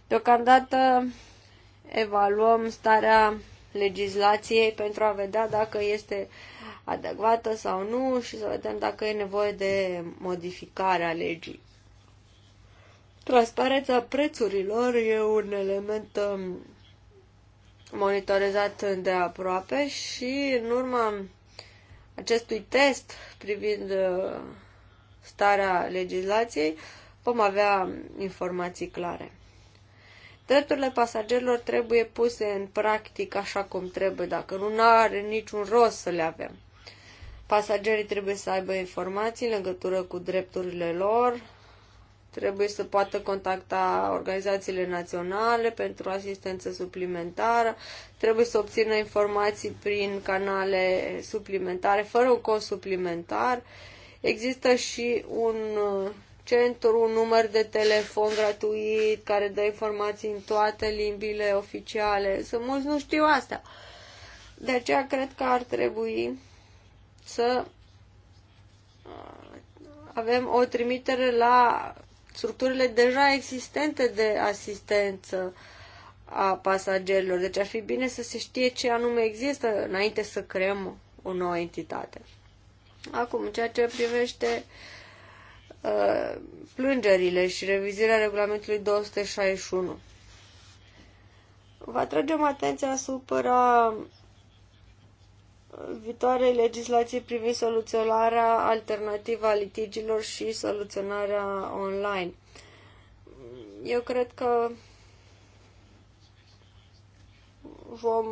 Deocamdată evaluăm starea legislației pentru a vedea dacă este adecvată sau nu și să vedem dacă e nevoie de modificarea legii. Transparența prețurilor e un element um, monitorizat de aproape și în urma acestui test privind uh, starea legislației vom avea informații clare. Drepturile pasagerilor trebuie puse în practic așa cum trebuie, dacă nu, are niciun rost să le avem. Pasagerii trebuie să aibă informații în legătură cu drepturile lor, trebuie să poată contacta organizațiile naționale pentru asistență suplimentară, trebuie să obțină informații prin canale suplimentare, fără un cost suplimentar. Există și un centru, un număr de telefon gratuit care dă informații în toate limbile oficiale. Să mulți nu știu asta. De aceea cred că ar trebui să uh, avem o trimitere la structurile deja existente de asistență a pasagerilor. Deci ar fi bine să se știe ce anume există înainte să creăm o nouă entitate. Acum, ceea ce privește uh, plângerile și revizirea regulamentului 261. Vă atragem atenția asupra viitoarei legislații privind soluționarea alternativă a litigilor și soluționarea online. Eu cred că vom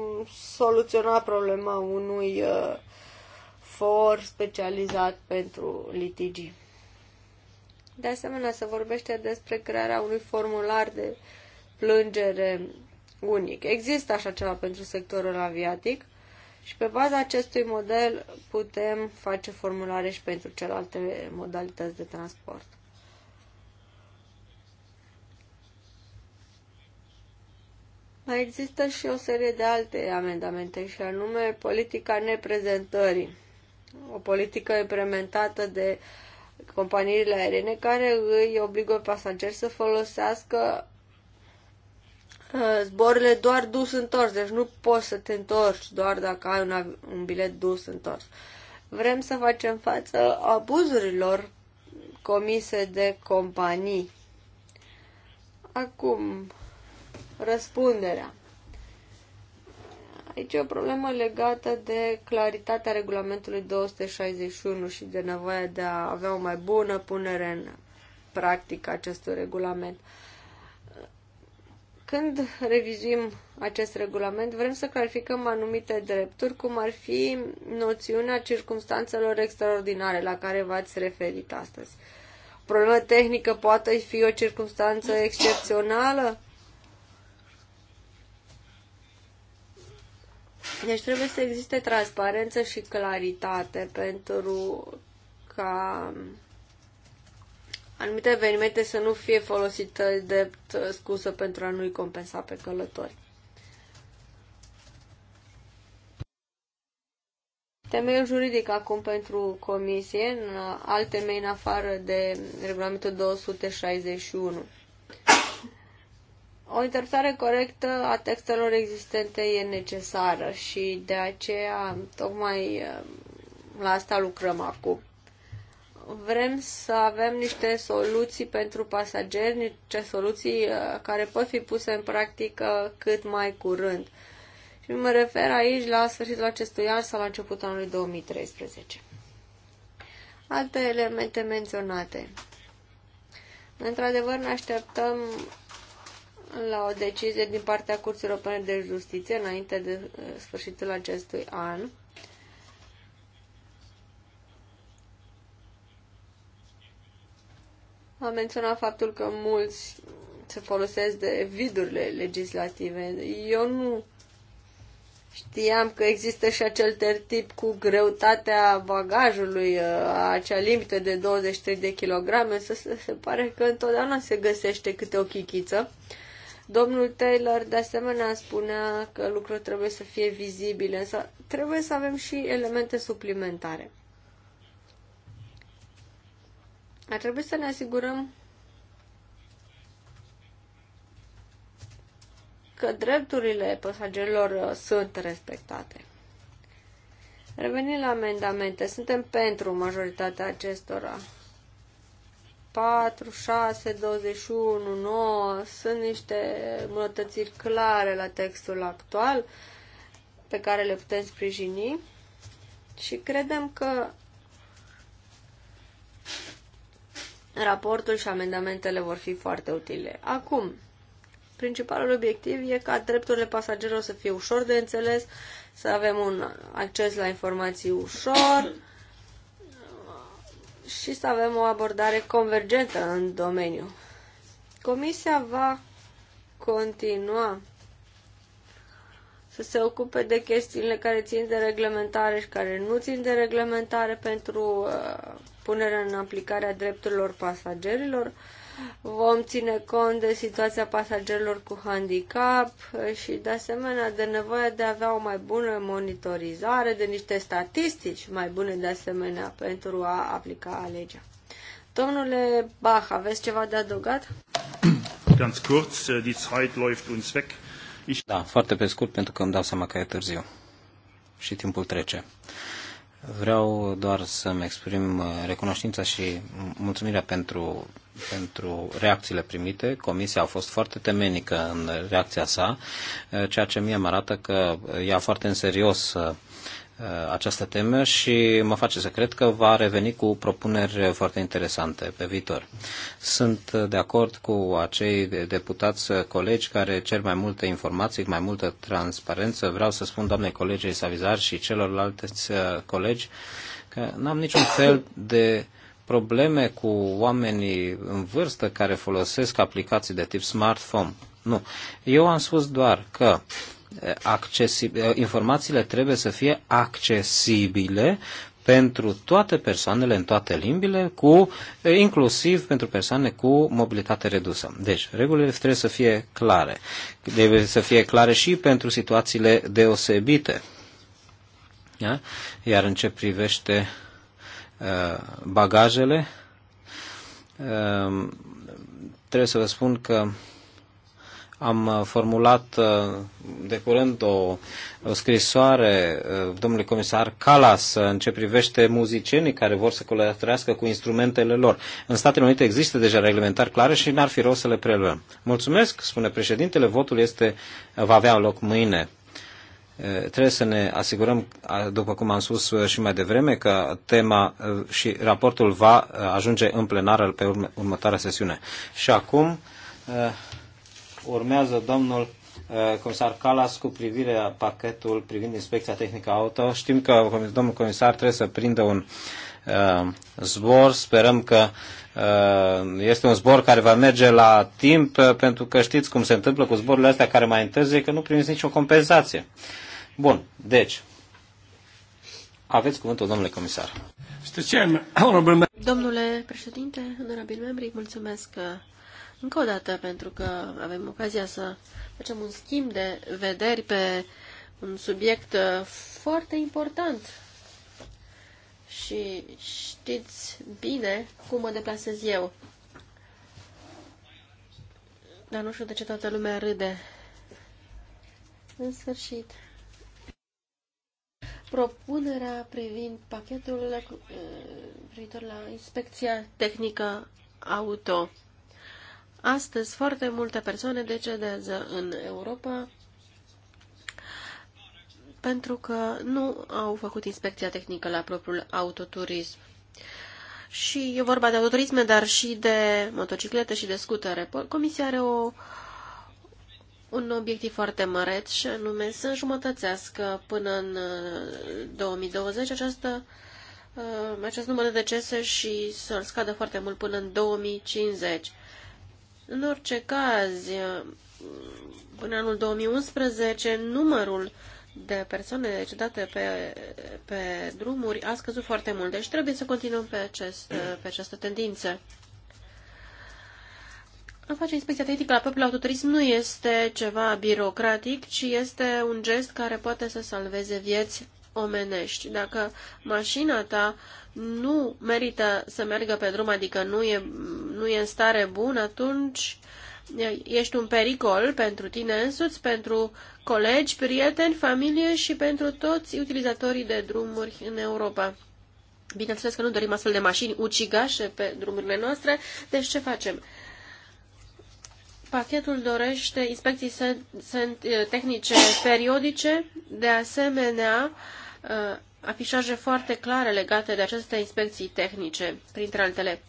soluționa problema unui uh, for specializat pentru litigii. De asemenea, se vorbește despre crearea unui formular de plângere unic. Există așa ceva pentru sectorul aviatic și pe baza acestui model putem face formulare și pentru celelalte modalități de transport. Mai există și o serie de alte amendamente și anume politica neprezentării. O politică implementată de uh, companiile aeriene care îi obligă pasageri să folosească uh, zborurile doar dus-întors, deci nu poți să te întorci doar dacă ai un, un bilet dus-întors. Vrem să facem față abuzurilor comise de companii. Acum, răspunderea. Aici deci e o problemă legată de claritatea regulamentului 261 și de nevoia de a avea o mai bună punere în practică acestui regulament. Când revizuim acest regulament, vrem să clarificăm anumite drepturi, cum ar fi noțiunea circunstanțelor extraordinare la care v-ați referit astăzi. Problemă tehnică poate fi o circunstanță excepțională? Deci trebuie să existe transparență și claritate pentru ca anumite evenimente să nu fie folosite de scuză pentru a nu-i compensa pe călători. Temeiul juridic acum pentru comisie, în alte mei în afară de regulamentul 261. O interpretare corectă a textelor existente e necesară și de aceea tocmai ehm, la asta lucrăm acum. Vrem să avem niște soluții pentru pasageri, niște soluții ehm, care pot fi puse în practică cât mai curând. Și mă refer aici la sfârșitul acestui an sau la începutul anului 2013. Alte elemente menționate. Într-adevăr, ne așteptăm la o decizie din partea Curții Europene de Justiție înainte de uh, sfârșitul acestui an. Am menționat faptul că mulți se folosesc de vidurile legislative. Eu nu știam că există și acel tertip cu greutatea bagajului, uh, acea limită de 23 de kilograme, însă se pare că întotdeauna se găsește câte o chichiță. Domnul Taylor, de asemenea, spunea că lucrurile trebuie să fie vizibile, însă trebuie să avem și elemente suplimentare. Ar trebui să ne asigurăm că drepturile pasagerilor uh, sunt respectate. Revenind la amendamente, suntem pentru majoritatea acestora. 4, 6, 21, 9 sunt niște îmbunătățiri clare la textul actual pe care le putem sprijini și credem că raportul și amendamentele vor fi foarte utile. Acum, principalul obiectiv e ca drepturile pasagerilor să fie ușor de înțeles, să avem un acces la informații ușor, și să avem o abordare convergentă în domeniu. Comisia va continua să se ocupe de chestiile care țin de reglementare și care nu țin de reglementare pentru uh, punerea în aplicare a drepturilor pasagerilor. Vom ține cont de situația pasagerilor cu handicap și, de asemenea, de nevoia de a avea o mai bună monitorizare, de niște statistici mai bune, de asemenea, pentru a aplica legea. Domnule Bach, aveți ceva de adăugat? Ganz kurz, äh, die Zeit läuft uns weg. Da, foarte pe scurt, pentru că îmi dau seama că e târziu și timpul trece. Vreau doar să-mi exprim uh, recunoștința și mulțumirea pentru, pentru reacțiile primite. Comisia a fost foarte temenică în reacția sa, uh, ceea ce mie îmi arată că uh, ia foarte în serios Uh, această temă și mă face să cred că va reveni cu propuneri foarte interesante pe viitor. Sunt de acord cu acei deputați uh, colegi care cer mai multe informații, mai multă transparență. Vreau să spun doamnei colegei Savizar și celorlalți uh, colegi că n-am niciun fel de probleme cu oamenii în vârstă care folosesc aplicații de tip smartphone. Nu. Eu am spus doar că uh, Eh, informațiile trebuie să fie accesibile pentru toate persoanele în toate limbile, cu, eh, inclusiv pentru persoane cu mobilitate redusă. Deci, regulile trebuie să fie clare. Trebuie să fie clare și pentru situațiile deosebite. Da? Iar în ce privește uh, bagajele, uh, trebuie să vă spun că uh, am uh, formulat uh, de curând o, o scrisoare uh, domnului comisar Calas în ce privește muzicienii care vor să colaborească cu instrumentele lor. În Statele Unite există deja reglementari clare și n-ar fi rău să le preluăm. Mulțumesc, spune președintele, votul este, va avea loc mâine trebuie să ne asigurăm, după cum am spus și mai devreme, că tema și raportul va ajunge în plenară pe următoarea sesiune. Și acum urmează domnul uh, comisar Calas cu privire la pachetul privind inspecția tehnică auto. Știm că domnul comisar trebuie să prindă un uh, zbor. Sperăm că uh, este un zbor care va merge la timp, pentru că știți cum se întâmplă cu zborurile astea care mai întârzie, că nu primiți nicio compensație. Bun, deci, aveți cuvântul, domnule comisar. Domnule președinte, onorabili membri, mulțumesc încă o dată, pentru că avem ocazia să facem un schimb de vederi pe un subiect uh, foarte important. Și știți bine cum mă deplasez eu. Dar nu știu de ce toată lumea râde. În sfârșit. Propunerea privind pachetul uh, privitor la inspecția tehnică auto. Astăzi foarte multe persoane decedează în Europa pentru că nu au făcut inspecția tehnică la propriul autoturism. Și e vorba de autoturisme, dar și de motociclete și de scutere. Comisia are o, un obiectiv foarte măreț și anume să înjumătățească până în 2020 uh, această, uh, acest număr de decese și să-l scadă foarte mult până în 2050. În orice caz, până anul 2011, numărul de persoane decedate pe, pe drumuri a scăzut foarte mult. Deci trebuie să continuăm pe, acest, pe această tendință. A face inspecția tehnică la propriul autoturism nu este ceva birocratic, ci este un gest care poate să salveze vieți omenești. Dacă mașina ta nu merită să meargă pe drum, adică nu e, nu e în stare bună, atunci ești un pericol pentru tine însuți, pentru colegi, prieteni, familie și pentru toți utilizatorii de drumuri în Europa. Bineînțeles că nu dorim astfel de mașini ucigașe pe drumurile noastre, deci ce facem? Pachetul dorește inspecții eh, tehnice periodice, de asemenea, uh, Uh, afișaje foarte clare legate de aceste inspecții tehnice, printre altele.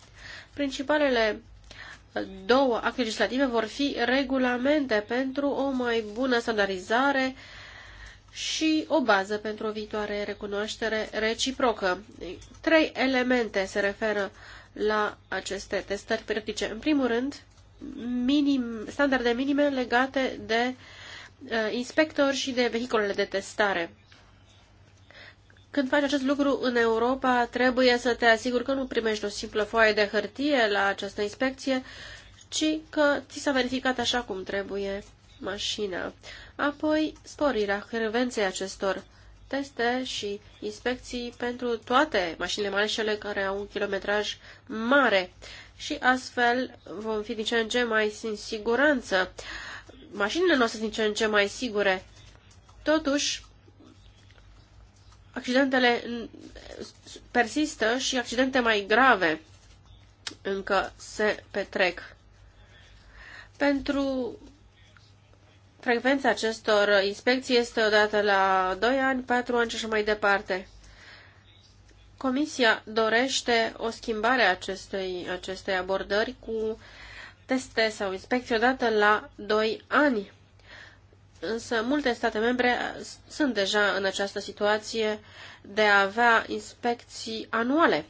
Principalele uh, două acte legislative vor fi regulamente pentru o mai bună standardizare și o bază pentru o viitoare recunoaștere reciprocă. Trei elemente se referă la aceste testări practice. În primul rând, minim, standarde minime legate de uh, inspectori și de vehiculele de testare. Când faci acest lucru în Europa, trebuie să te asiguri că nu primești o simplă foaie de hârtie la această inspecție, ci că ți s-a verificat așa cum trebuie mașina. Apoi, sporirea frecvenței acestor teste și inspecții pentru toate mașinile mari care au un kilometraj mare și astfel vom fi din ce în ce mai în siguranță. Mașinile noastre sunt din ce în ce mai sigure. Totuși, accidentele persistă și accidente mai grave încă se petrec. Pentru frecvența acestor inspecții este odată la 2 ani, 4 ani și așa mai departe. Comisia dorește o schimbare a acestei, acestei abordări cu teste sau inspecții odată la 2 ani. Însă multe state membre sunt deja în această situație de a avea inspecții anuale.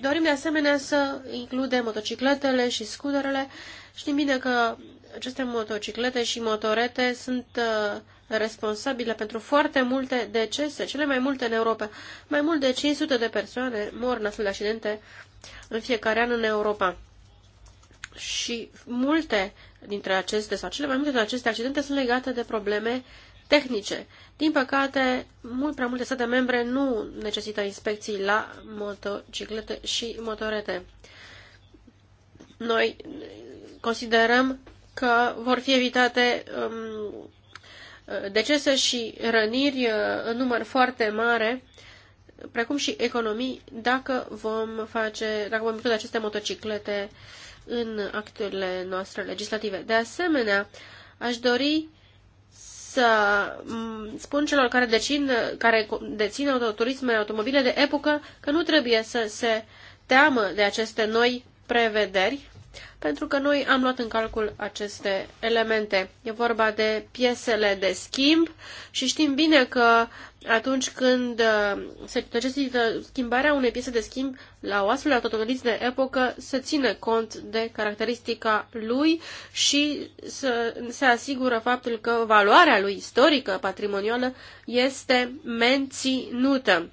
Dorim de asemenea să includem motocicletele și scuderele. Știm bine că aceste motociclete și motorete sunt uh, responsabile pentru foarte multe decese, cele mai multe în Europa. Mai mult de 500 de persoane mor în astfel de accidente în fiecare an în Europa. Și multe dintre aceste, sau cele mai multe dintre aceste accidente sunt legate de probleme tehnice. Din păcate, mult prea multe state membre nu necesită inspecții la motociclete și motorete. Noi considerăm că vor fi evitate um, decese și răniri uh, în număr foarte mare, precum și economii, dacă vom face, dacă vom include aceste motociclete uh, în actele noastre legislative. De asemenea, aș dori să mm, spun celor care dețin, care dețin autoturisme, automobile de epocă, că nu trebuie să se teamă de aceste noi prevederi pentru că noi am luat în calcul aceste elemente. E vorba de piesele de schimb și știm bine că atunci când uh, se necesită schimbarea unei piese de schimb la o astfel de automobilist de epocă, se ține cont de caracteristica lui și să se asigură faptul că valoarea lui istorică, patrimonială, este menținută.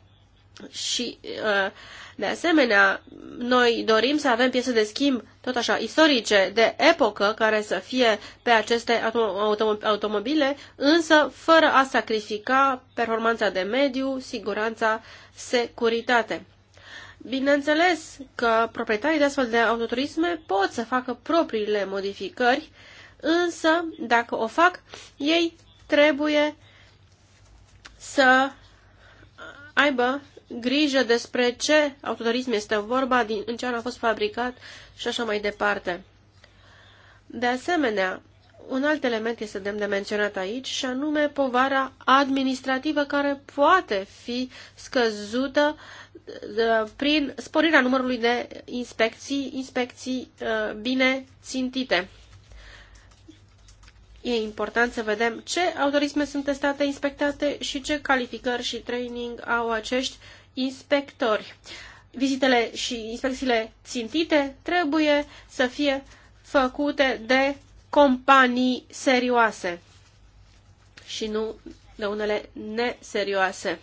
Și uh, de asemenea, noi dorim să avem piese de schimb, tot așa, istorice, de epocă, care să fie pe aceste autom automobile, însă fără a sacrifica performanța de mediu, siguranța, securitate. Bineînțeles că proprietarii de astfel de autoturisme pot să facă propriile modificări, însă, dacă o fac, ei trebuie să aibă grijă despre ce autorism este vorba, din, în ce an a fost fabricat și așa mai departe. De asemenea, un alt element este demn de menționat aici și anume povara administrativă care poate fi scăzută uh, prin sporirea numărului de inspecții, inspecții uh, bine țintite. E important să vedem ce autorisme sunt testate, inspectate și ce calificări și training au acești inspectori. Vizitele și inspecțiile țintite trebuie să fie făcute de companii serioase și nu de unele neserioase. Uh,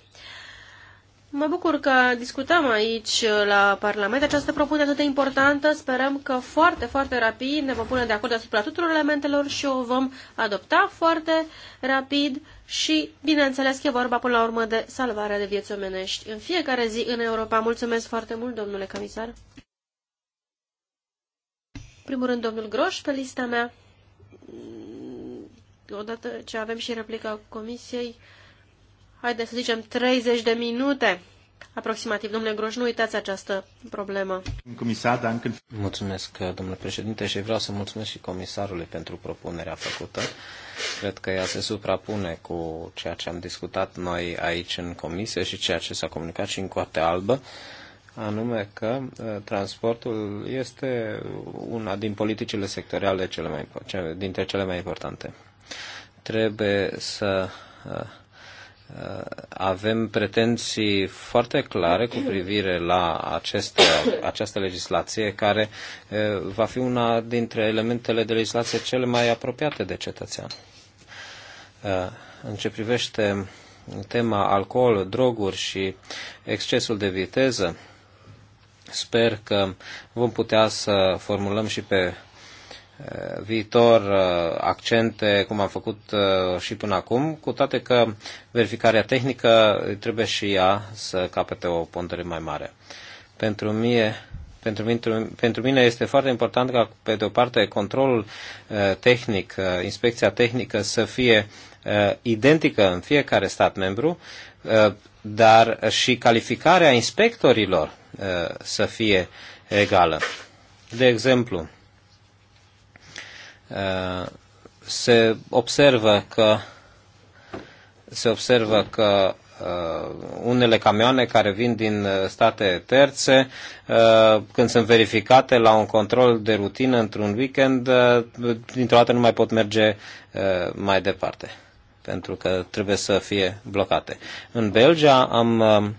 Mă bucur că discutăm aici uh, la Parlament această propunere atât de importantă. Sperăm că foarte, foarte rapid ne vom pune de acord asupra tuturor elementelor și o vom adopta foarte rapid și, bineînțeles, că e vorba până la urmă de salvarea de vieți omenești în fiecare zi în Europa. Mulțumesc foarte mult, domnule comisar. Primul rând, domnul Groș pe lista mea. Mm, odată ce avem și replica comisiei, haideți să zicem, 30 de minute aproximativ. Domnule Groș, nu uitați această problemă. Mulțumesc, domnule președinte, și vreau să mulțumesc și comisarului pentru propunerea făcută. Cred că ea se suprapune cu ceea ce am discutat noi aici în comisie și ceea ce s-a comunicat și în Coartea Albă anume că uh, transportul este una din politicile sectoriale cele mai, dintre cele mai importante. Trebuie să uh, avem pretenții foarte clare cu privire la aceste, această legislație, care va fi una dintre elementele de legislație cele mai apropiate de cetățean. În ce privește tema alcool, droguri și excesul de viteză, sper că vom putea să formulăm și pe viitor uh, accente, cum am făcut uh, și până acum, cu toate că verificarea tehnică trebuie și ea să capete o pondere mai mare. Pentru mine, pentru mine, pentru mine este foarte important ca, pe de o parte, controlul uh, tehnic, inspecția tehnică să fie identică în fiecare stat membru, dar și calificarea inspectorilor să fie egală. De exemplu, Uh, se observă că se observă că uh, unele camioane care vin din uh, state terțe, uh, când sunt verificate la un control de rutină într-un weekend, uh, dintr-o dată nu mai pot merge uh, mai departe, pentru că trebuie să fie blocate. În Belgia am uh,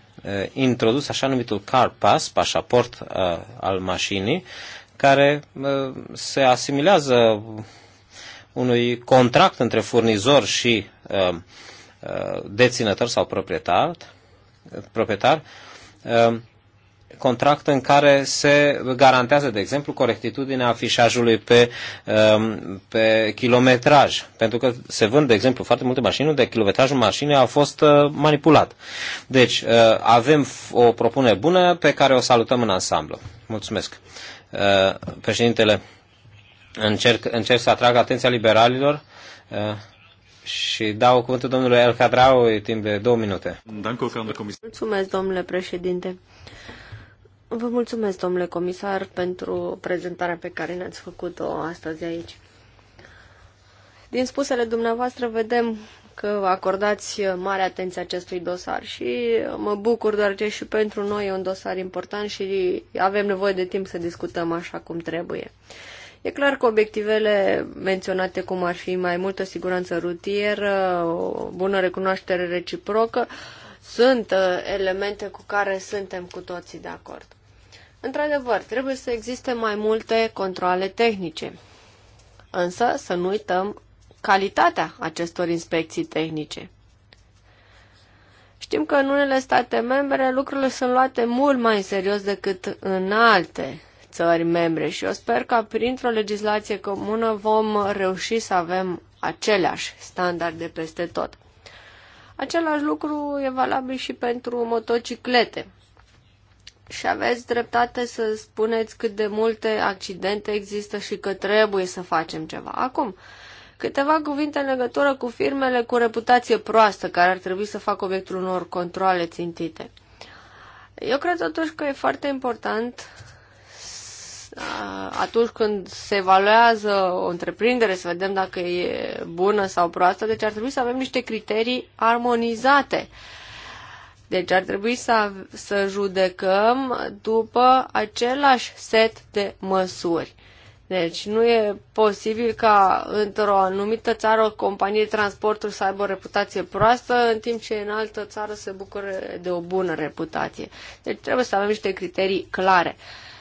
introdus așa numitul car pass, pașaport uh, al mașinii, uh, care se asimilează unui contract între furnizor și uh, uh, deținător sau proprietar, proprietar uh, contract în care se garantează, de exemplu, corectitudinea afișajului pe, um, pe kilometraj. Pentru că se vând, de exemplu, foarte multe mașini unde kilometrajul mașinii a fost manipulat. Deci, avem o propunere bună pe care o salutăm în ansamblu. Mulțumesc. Uh, președintele, încerc, încerc să atrag atenția liberalilor uh, și dau cuvântul domnului El Cadrau timp de două minute. Mulțumesc, domnule președinte. Vă mulțumesc, domnule comisar, pentru prezentarea pe care ne-ați făcut-o astăzi aici. Din spusele dumneavoastră vedem că acordați mare atenție acestui dosar și mă bucur doar că și pentru noi e un dosar important și avem nevoie de timp să discutăm așa cum trebuie. E clar că obiectivele menționate, cum ar fi mai multă siguranță rutieră, o bună recunoaștere reciprocă, sunt uh, elemente cu care suntem cu toții de acord. Într-adevăr, trebuie să existe mai multe controle tehnice. Însă, să nu uităm calitatea acestor inspecții tehnice. Știm că în unele state membre lucrurile sunt luate mult mai în serios decât în alte țări membre și eu sper că printr-o legislație comună vom reuși să avem aceleași standarde peste tot. Același lucru e valabil și pentru motociclete. Și aveți dreptate să spuneți cât de multe accidente există și că trebuie să facem ceva. Acum, Câteva cuvinte în legătură cu firmele cu reputație proastă, care ar trebui să facă obiectul unor controle țintite. Eu cred totuși că e foarte important atunci când se evaluează o întreprindere, să vedem dacă e bună sau proastă, deci ar trebui să avem niște criterii armonizate. Deci ar trebui să, să judecăm după același set de măsuri. Deci nu e posibil ca într-o anumită țară o companie de transporturi să aibă o reputație proastă, în timp ce în altă țară se bucură de o bună reputație. Deci trebuie să avem niște criterii clare.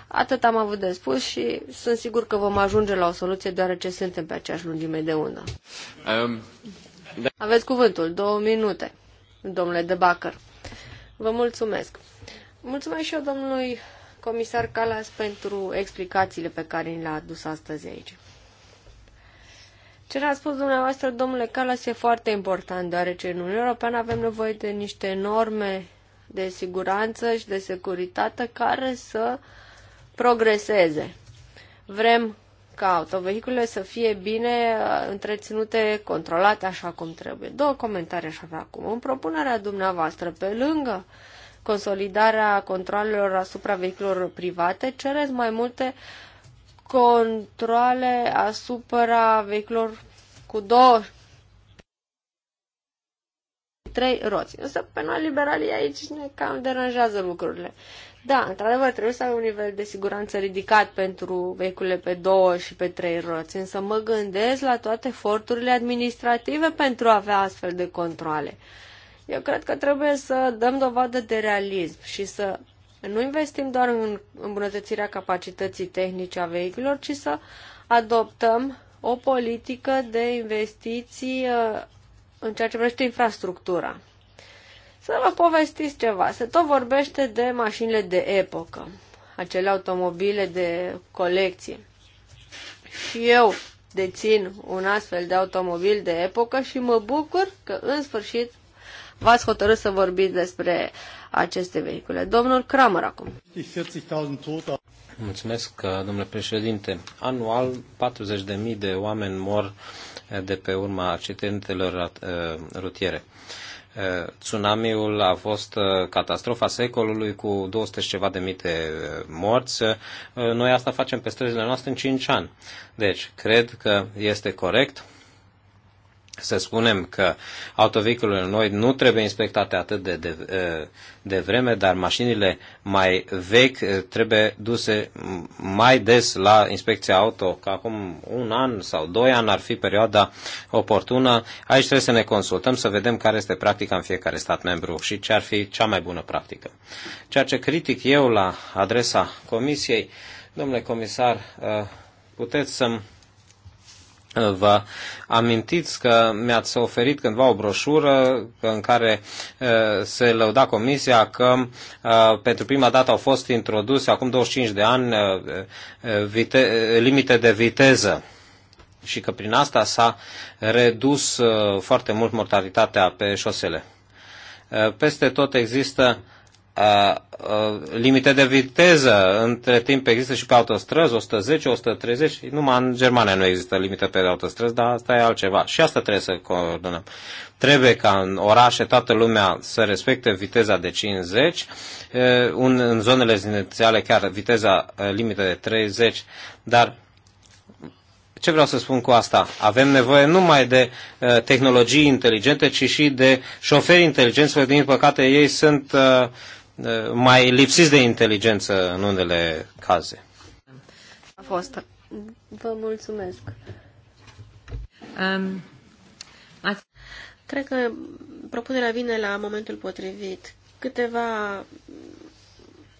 Atât am avut de spus și sunt sigur că vom ajunge la o soluție deoarece suntem pe aceeași lungime de undă. Um, da. Aveți cuvântul, două minute, domnule de Bacăr. Vă mulțumesc. Mulțumesc și eu domnului comisar Calas pentru explicațiile pe care ni le-a adus astăzi aici. Ce ne-a spus dumneavoastră, domnule Calas, e foarte important, deoarece în Uniunea Europeană avem nevoie de niște norme de siguranță și de securitate care să progreseze. Vrem ca autovehiculele să fie bine uh, întreținute, controlate așa cum trebuie. Două comentarii aș avea acum. În propunerea dumneavoastră, pe lângă uh, consolidarea controalelor asupra vehiculelor private, cereți mai multe controle asupra vehiculelor cu două trei roți. Însă pe noi liberalii aici ne cam deranjează lucrurile. Da, într-adevăr, trebuie să ai un nivel de siguranță ridicat pentru vehiculele pe două și pe trei roți, însă mă gândesc la toate eforturile administrative pentru a avea astfel de controle. Uh, eu cred că trebuie să dăm dovadă de realism și să nu investim doar în îmbunătățirea capacității tehnice a vehiculor, ci să adoptăm o politică de investiții uh, în ceea ce privește infrastructura. Să vă povestiți ceva. Se tot vorbește de mașinile de epocă, acele automobile de colecție. Și eu dețin un astfel de automobil de epocă și mă bucur că în sfârșit v-ați hotărât să vorbiți despre aceste vehicule. Domnul Kramer acum. Mulțumesc, uh, domnule președinte. Anual, 40.000 de oameni mor uh, de pe urma accidentelor uh, rutiere. Tsunamiul a fost catastrofa secolului cu 200 și ceva de mii de morți. Noi asta facem pe străzile noastre în 5 ani. Deci, cred că este corect să spunem că autovehiculele noi nu trebuie inspectate atât de, de, eh, de vreme, dar mașinile mai vechi eh, trebuie duse mai des la inspecția auto, că acum un an sau doi ani ar fi perioada oportună. Aici trebuie să ne consultăm, să vedem care este practica în fiecare stat membru și ce ar fi cea mai bună practică. Ceea ce critic eu la adresa Comisiei, domnule comisar, eh, puteți să-mi Vă amintiți că mi-ați oferit cândva o broșură în care uh, se lăuda comisia că uh, pentru prima dată au fost introduse acum 25 de ani uh, limite de viteză și că prin asta s-a redus foarte mult mortalitatea pe șosele. Peste tot există uh, limite de viteză. Între timp există și pe autostrăzi 110, 130. Numai în Germania nu există limită pe autostrăzi, dar asta e altceva. Și asta trebuie să coordonăm. Trebuie ca în orașe toată lumea să respecte viteza de 50, un, în zonele rezidențiale chiar viteza limită de 30, dar ce vreau să spun cu asta? Avem nevoie nu numai de uh, tehnologii inteligente, ci și de șoferi inteligenți, pentru că, din păcate, ei sunt uh, Eh, mai lipsiți de inteligență în unele caze. A fost. Vă mulțumesc. Um, Cred că propunerea vine la momentul potrivit. Câteva,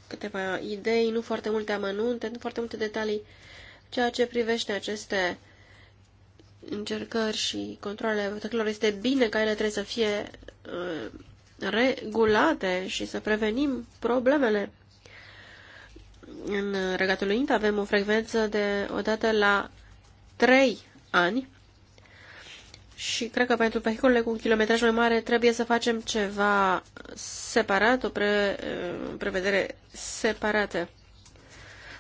câteva idei, nu foarte multe amănunte, nu foarte multe detalii, ceea ce privește aceste încercări și controle. Este bine ca ele trebuie să fie uh, regulate și să prevenim problemele. În Regatul Unit avem o frecvență de odată la 3 ani și cred că pentru vehiculele cu un kilometraj mai mare trebuie să facem ceva separat, o pre, prevedere separată.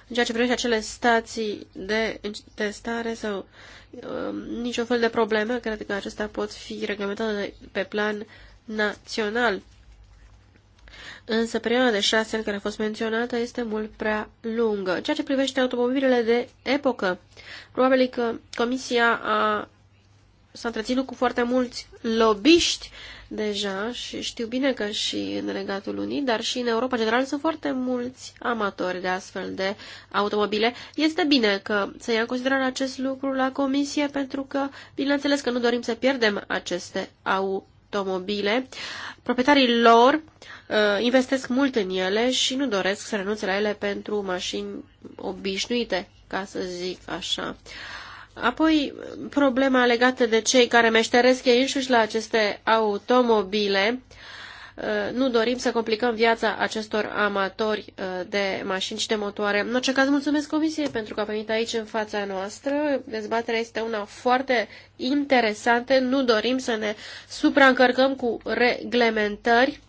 În ceea ce privește acele stații de testare sau um, niciun fel de probleme, cred că acestea pot fi reglementate pe plan național. Însă perioada de șase ani care a fost menționată este mult prea lungă. Ceea ce privește automobilele de epocă, probabil că Comisia a, s-a întreținut cu foarte mulți lobiști deja și știu bine că și în Regatul Unit, dar și în Europa general sunt foarte mulți amatori de astfel de automobile. Este bine că să ia în considerare acest lucru la comisie pentru că, bineînțeles că nu dorim să pierdem aceste au automobile, proprietarii lor uh, investesc mult în ele și nu doresc să renunțe la ele pentru mașini obișnuite, ca să zic așa. Apoi, problema legată de cei care meșteresc ei înșiși la aceste automobile, uh, Uh, nu dorim să complicăm viața acestor amatori uh, de mașini și de motoare. În orice caz, mulțumesc Comisiei pentru că a venit aici în fața noastră. Dezbaterea este una foarte interesantă. Nu dorim să ne supraîncărcăm cu reglementări.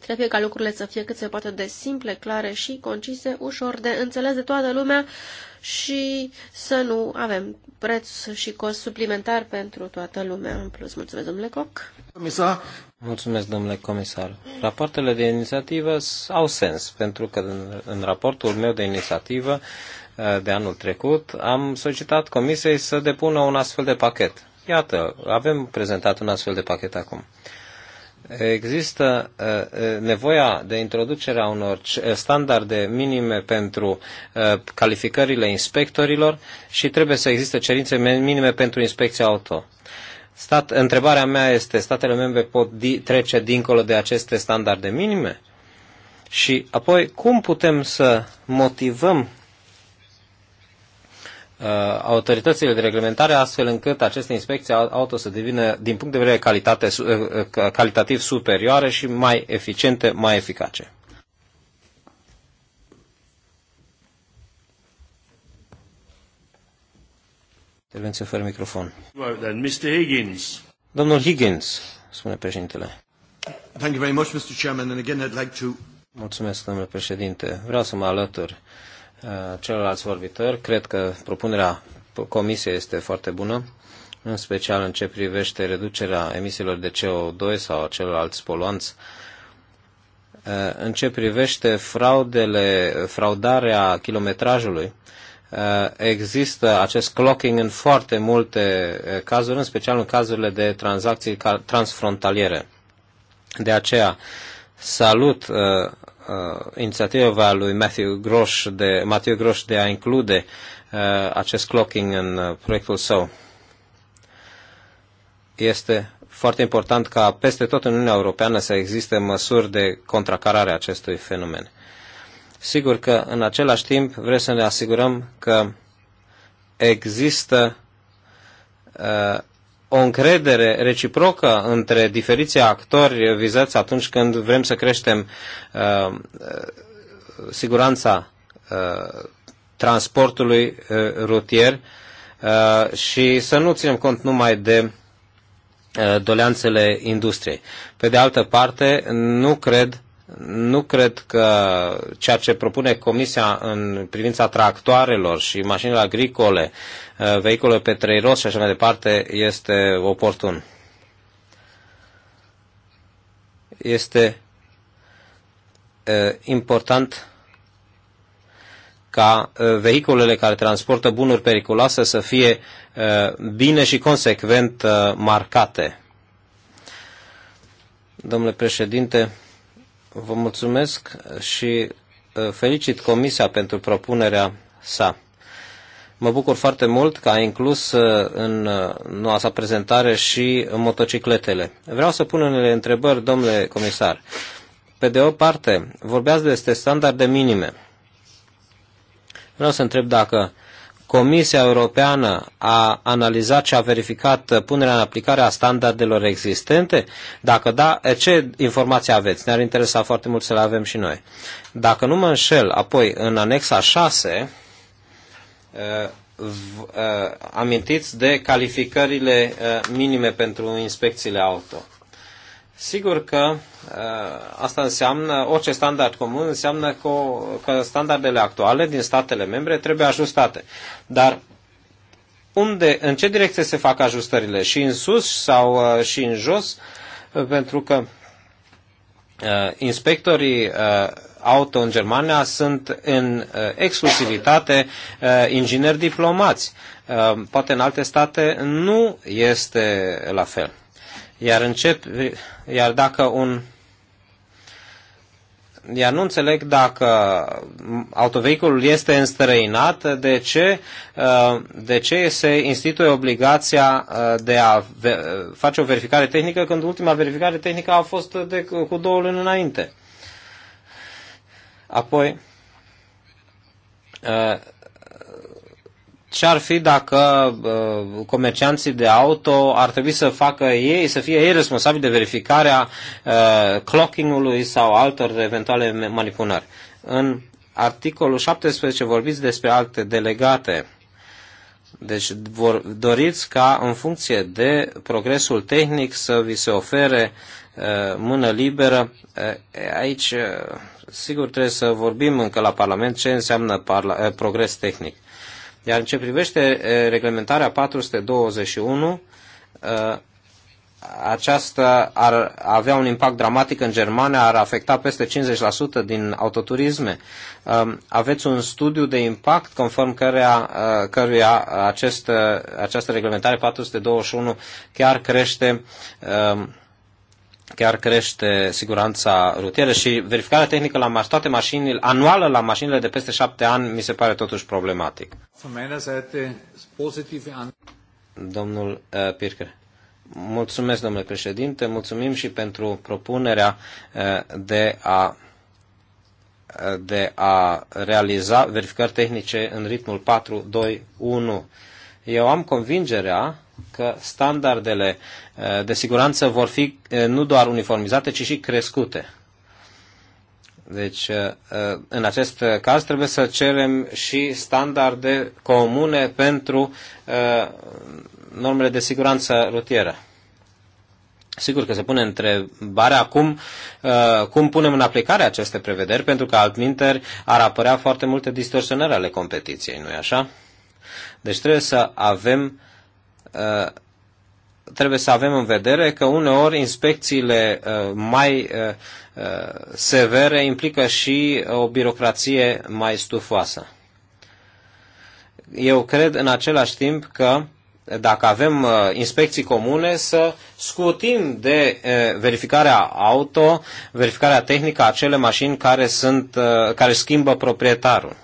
Trebuie ca lucrurile să fie cât se poate de simple, clare și concise, ușor de înțeles de toată lumea și să nu avem preț și cost suplimentar pentru toată lumea în plus. Mulțumesc, domnule Coc. Comisar, Mulțumesc, domnule comisar. Rapoartele de inițiativă au sens, pentru că în, în raportul meu de inițiativă eh, de anul trecut am solicitat comisiei să depună un astfel de pachet. Iată, avem prezentat un astfel de pachet acum. Există eh, eh, nevoia de introducerea unor standarde minime pentru calificările inspectorilor și trebuie să existe cerințe minime pentru inspecția auto. Stat, întrebarea mea este, statele membre pot di, trece dincolo de aceste standarde minime? Și apoi, cum putem să motivăm uh, autoritățile de reglementare astfel încât aceste inspecții auto să devină, din punct de vedere calitate, uh, uh calitativ superioare și mai eficiente, mai eficace? Intervenție fără microfon. Mr. Higgins. Domnul Higgins, spune președintele. Thank you very much, Mr. Chairman, and again I'd like to... Mulțumesc, domnule președinte. Vreau să mă alătur uh, celorlalți vorbitori. Cred că propunerea comisiei este foarte bună, în special în ce privește reducerea emisiilor de CO2 sau celorlalți poluanți. Uh, în ce privește fraudele, fraudarea kilometrajului, uh, Uh, există acest clocking în foarte multe uh, cazuri, în special în cazurile de tranzacții transfrontaliere. De aceea salut uh, uh, inițiativa lui Matthew Grosh de, Matthew Grosh de a include uh, acest clocking în uh, proiectul său. Este foarte important ca peste tot în Uniunea Europeană să existe măsuri de contracarare a acestui fenomen. Uh, Sigur că în același timp vrem să ne asigurăm că există uh, o încredere reciprocă între diferiții actori vizați atunci când vrem să creștem uh, uh siguranța uh, transportului uh, rutier uh, și să nu ținem cont numai de uh, doleanțele industriei. Pe de altă parte, nu cred nu cred că ceea ce propune Comisia în privința tractoarelor și mașinilor agricole, uh, vehicule pe trei roți și așa mai departe, este oportun. Este uh, important ca uh, vehiculele care transportă bunuri periculoase să fie bine și consecvent marcate. Domnule președinte, Vă mulțumesc și uh, felicit Comisia pentru propunerea sa. Mă bucur foarte mult că a inclus uh, în uh, noua sa prezentare și motocicletele. Vreau să pun unele întrebări, domnule comisar. Pe de o parte, vorbeați despre standarde minime. Vreau să întreb dacă uh, Comisia Europeană a analizat și a verificat punerea în aplicare a standardelor existente? Dacă da, ce informații aveți? Ne-ar interesa foarte mult să le avem și noi. Dacă nu mă înșel, apoi în anexa 6 eh, eh, amintiți de calificările eh, minime pentru inspecțiile auto. Sigur că uh, asta înseamnă, orice standard comun înseamnă că, că standardele actuale din statele membre trebuie ajustate. Dar unde, în ce direcție se fac ajustările? Și în sus sau uh, și în jos? Uh, pentru că inspectorii auto în Germania sunt în exclusivitate ingineri diplomați. Poate în alte state nu este la fel. Iar, încep, iar dacă un iar nu înțeleg dacă autovehiculul este înstrăinat, de ce, uh, de ce se instituie obligația uh, de a uh, face o verificare tehnică când ultima verificare tehnică a fost de, cu două luni înainte. Apoi, ce ar fi dacă uh, comercianții de auto ar trebui să facă ei, să fie ei responsabili de verificarea uh, clocking-ului sau altor eventuale manipulări. În articolul 17 vorbiți despre alte delegate. Deci vor, doriți ca în funcție de progresul tehnic să vi se ofere uh, mână liberă. Uh, aici, uh, sigur, trebuie să vorbim încă la Parlament ce înseamnă parla- progres tehnic. Iar în ce privește reglementarea 421, aceasta ar avea un impact dramatic în Germania, ar afecta peste 50% din autoturisme. Aveți un studiu de impact conform cărea, căruia acest, această reglementare 421 chiar crește chiar crește siguranța rutieră și verificarea tehnică la toate mașinile, anuală la mașinile de peste șapte ani, mi se pare totuși problematic. Domnul Pircă. Uh, Pirker. Mulțumesc, domnule președinte, mulțumim și pentru propunerea uh, de a uh, de a realiza verificări tehnice în ritmul 4, 2, 1. Eu am convingerea că standardele eh, de siguranță vor fi eh, nu doar uniformizate, ci și crescute. Deci, eh, în acest caz, trebuie să cerem și standarde comune pentru normele de siguranță rutieră. Sigur că se pune întrebarea cum, cum punem în aplicare aceste prevederi, pentru că altminteri ar apărea foarte multe distorsionări ale competiției, nu-i așa? Deci trebuie să avem Uh, trebuie să avem în vedere că uneori inspecțiile uh, mai uh, severe implică și o birocrație mai stufoasă. Eu cred în același timp că dacă avem inspecții comune, să scutim de verificarea auto, verificarea tehnică a acele mașini care, sunt, care schimbă proprietarul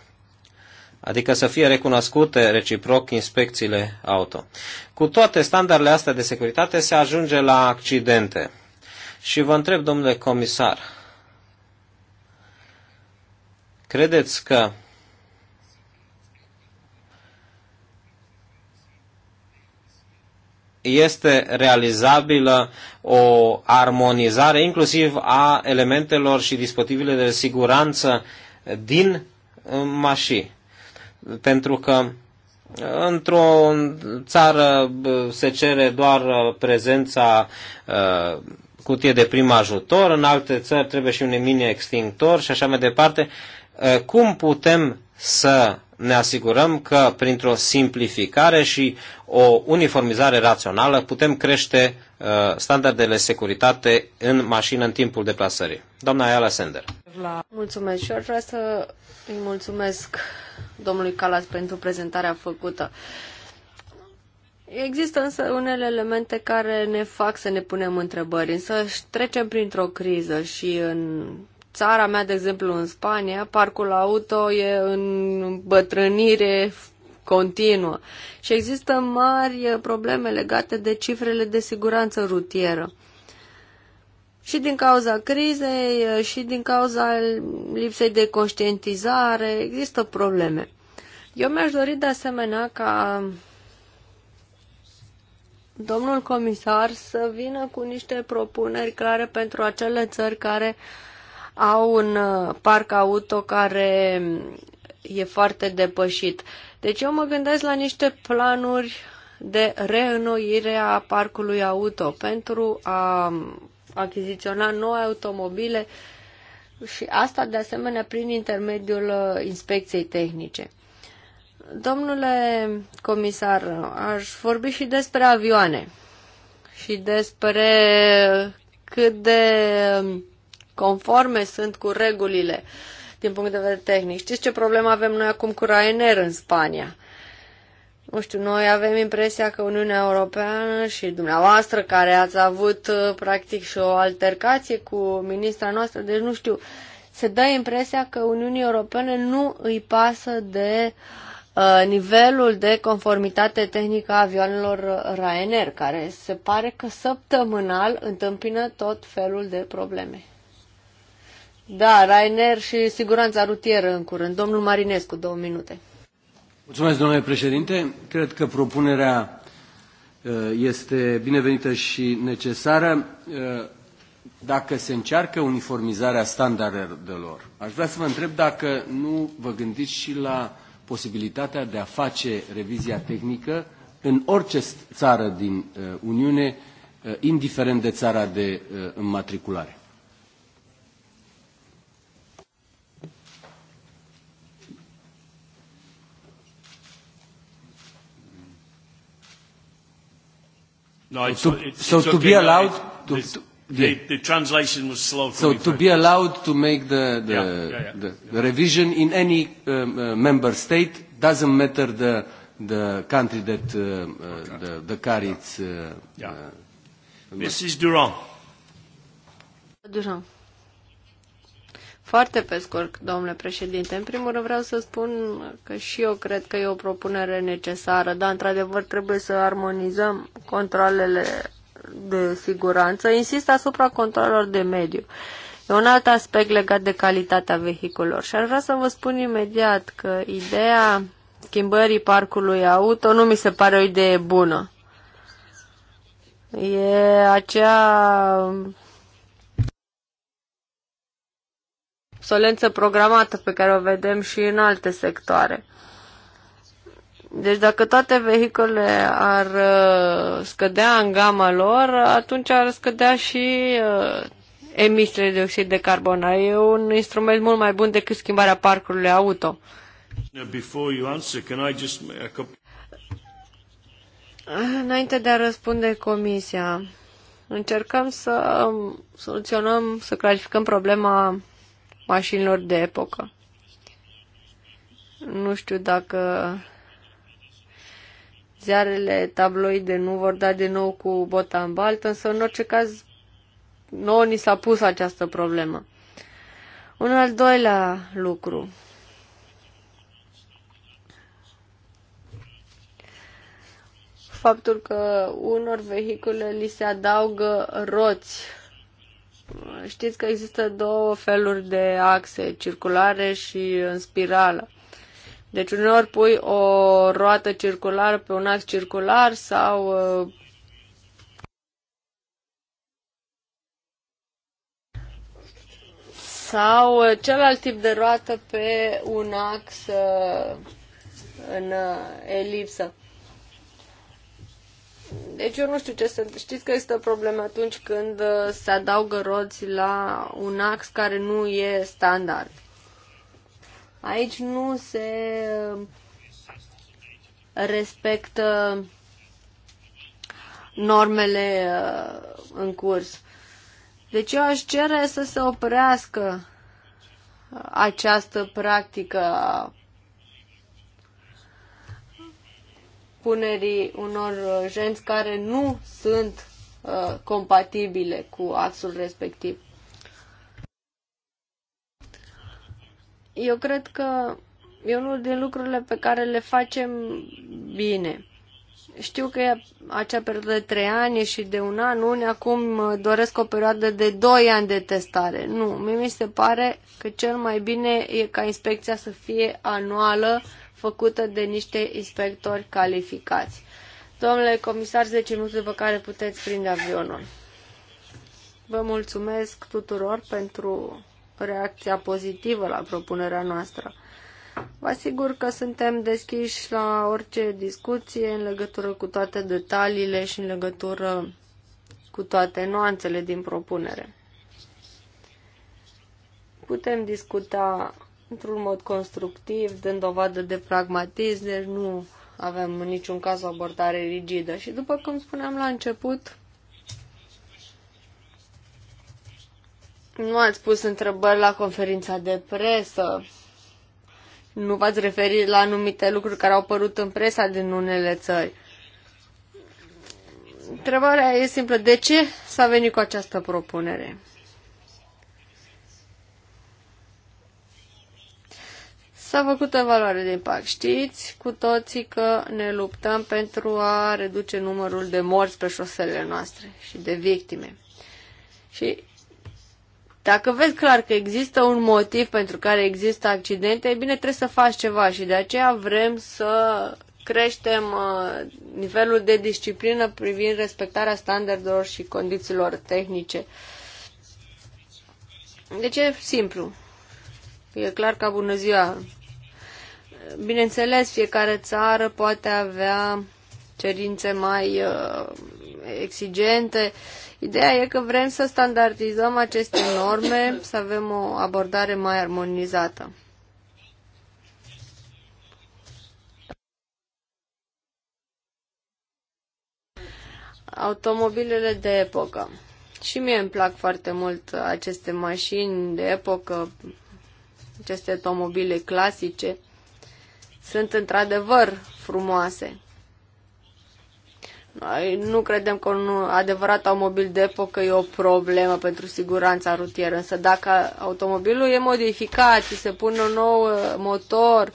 adică să fie recunoscute reciproc inspecțiile auto. Cu toate standardele astea de securitate se ajunge la accidente. Și vă întreb, domnule comisar, credeți că este realizabilă o armonizare inclusiv a elementelor și dispozitivele de siguranță din mașini. Pentru că într-o țară se cere doar uh, prezența uh, cutie de prim ajutor, în alte țări trebuie și un mini extintor, și așa mai departe. Uh, cum putem să ne asigurăm că printr-o simplificare și o uniformizare rațională putem crește uh, standardele securitate în mașină în timpul deplasării. Doamna Ayala Sender. Mulțumesc și eu vreau să îi mulțumesc domnului Calas pentru prezentarea făcută. Există însă unele elemente care ne fac să ne punem întrebări, însă trecem printr-o criză și în țara mea, de exemplu, în Spania, parcul auto e în bătrânire continuă și există mari probleme legate de cifrele de siguranță rutieră. Și din cauza crizei, și din cauza lipsei de conștientizare, există probleme. Eu mi-aș dori de asemenea ca domnul comisar să vină cu niște propuneri clare pentru acele țări care uh, au un uh, parc auto care e foarte depășit. Deci eu mă gândesc la niște planuri de reînnoire a parcului auto pentru a achiziționa noi automobile și asta de asemenea prin intermediul uh, inspecției tehnice. Domnule comisar, aș vorbi și despre avioane și despre cât de conforme sunt cu regulile din punct de vedere tehnic. Știți ce problemă avem noi acum cu Ryanair în Spania? Nu știu, noi avem impresia că Uniunea Europeană și dumneavoastră care ați avut uh, practic și o altercație cu ministra noastră, deci nu știu, se dă impresia că Uniunii Europene nu îi pasă de uh, nivelul de conformitate tehnică a avioanelor Ryanair, care se pare că săptămânal întâmpină tot felul de probleme. Da, Rainer și siguranța rutieră în curând. Domnul Marinescu, două minute. Mulțumesc, domnule președinte. Cred că propunerea uh, este binevenită și necesară uh, dacă se încearcă uniformizarea standardelor. Aș vrea să vă întreb dacă nu vă gândiți și la posibilitatea de a face revizia tehnică în orice țară din uh, Uniune, indiferent de țara de înmatriculare. No, it's, to, it's, so to okay, be allowed it, to, this, yeah. the, the translation was slow. For so to be allowed to make the the, yeah, yeah, yeah, the, yeah. revision in any um, uh, member state doesn't matter the the country that uh, uh, the, the car yeah. it's. Uh, yeah. Uh, Mrs. Durand. Durand. Foarte pe scurt, domnule președinte. În primul rând vreau să spun că și eu cred că e o propunere necesară, dar într-adevăr trebuie să armonizăm controlele de siguranță. Insist asupra controlelor de mediu. E un alt aspect legat de calitatea vehiculor și aș vrea să vă spun imediat că ideea schimbării parcului auto nu mi se pare o idee bună. E acea obsolență programată pe care o vedem și în alte sectoare. Deci dacă toate vehiculele ar uh, scădea în gama lor, atunci ar scădea și uh, emisiile de oxid de carbon. E un instrument mult mai bun decât schimbarea parcurilor auto. Ah, înainte de a răspunde comisia, încercăm să um, soluționăm, să clarificăm problema mașinilor de epocă. Nu știu dacă ziarele tabloide nu vor da din nou cu bota în baltă, însă în orice caz nouă ni s-a pus această problemă. Un al doilea lucru. Faptul că unor vehicule li se adaugă roți Știți că există două feluri de axe, circulare și în spirală. Deci uneori pui o roată circulară pe un ax circular sau sau celălalt tip de roată pe un ax în elipsă. Deci eu nu știu ce să... Știți că este o problemă atunci când uh, se adaugă roți la un ax care nu e standard. Aici nu se uh, respectă normele uh, în curs. Deci eu aș cere să se oprească această practică a punerii unor genți uh, care nu sunt uh, compatibile cu axul respectiv. Eu cred că e unul din lucrurile pe care le facem bine. Știu că e acea perioadă de trei ani și de un an, unii acum uh, doresc o perioadă de doi ani de testare. Nu, mie mi se pare că cel mai bine e ca inspecția să fie anuală uh, făcută de niște inspectori calificați. Domnule comisar, 10 minute după care puteți prinde avionul. Vă mulțumesc tuturor pentru reacția pozitivă la propunerea noastră. Vă asigur că suntem deschiși la orice discuție în legătură cu toate detaliile și în legătură cu toate nuanțele din propunere. Putem discuta într-un mod constructiv, dând dovadă de pragmatism, deci nu avem în niciun caz o abordare rigidă. Și după cum spuneam la început, nu ați pus întrebări la conferința de presă, nu v-ați referit la anumite lucruri care au apărut în presa din unele țări. Întrebarea e simplă. De ce s-a venit cu această propunere? S-a făcut evaluare de impact. Știți cu toții că ne luptăm pentru a reduce numărul de morți pe șoselele noastre și de victime. Și dacă vezi clar că există un motiv pentru care există accidente, e bine, trebuie să faci ceva și de aceea vrem să creștem uh, nivelul de disciplină privind respectarea standardelor și condițiilor tehnice. Deci e simplu. E clar ca bună ziua Bineînțeles, fiecare țară poate avea cerințe mai uh, exigente. Ideea e că vrem să standardizăm aceste norme, să avem o abordare mai armonizată. Automobilele de epocă. Și mie îmi plac foarte mult aceste mașini de epocă, aceste automobile clasice sunt într-adevăr frumoase. Noi nu credem că un adevărat automobil de epocă e o problemă pentru siguranța rutieră, însă dacă automobilul e modificat și se pune un nou uh, motor,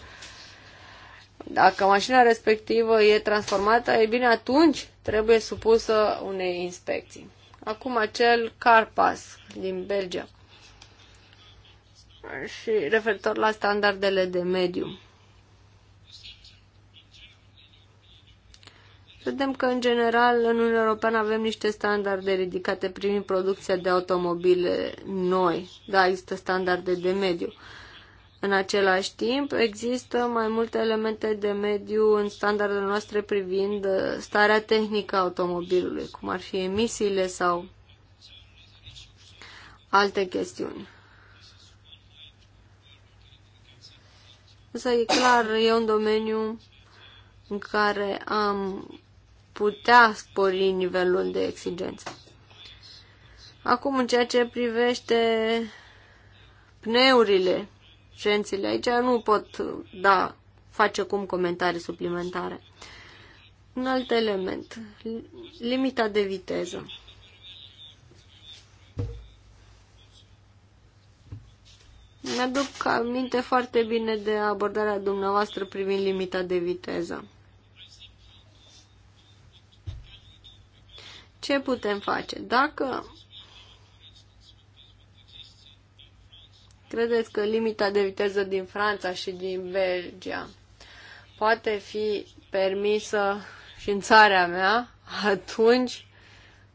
dacă mașina respectivă e transformată, e bine, atunci trebuie supusă unei inspecții. Acum acel Carpas din Belgia și referitor la standardele de mediu. Vedem că, în general, în Uniunea Europeană avem niște standarde ridicate privind producția de automobile noi. Da, există standarde de mediu. În același timp, există mai multe elemente de mediu în standardele noastre privind uh, starea tehnică a automobilului, cum ar fi emisiile sau alte chestiuni. Însă e clar, e un domeniu în care am putea spori nivelul de exigență. Acum, în ceea ce privește pneurile, șențile, aici nu pot da, face cum comentarii suplimentare. Un alt element, limita de viteză. Mi-aduc aminte foarte bine de abordarea dumneavoastră privind limita de viteză. Ce putem face? Dacă credeți că limita de viteză din Franța și din Belgia poate fi permisă și în țara mea, atunci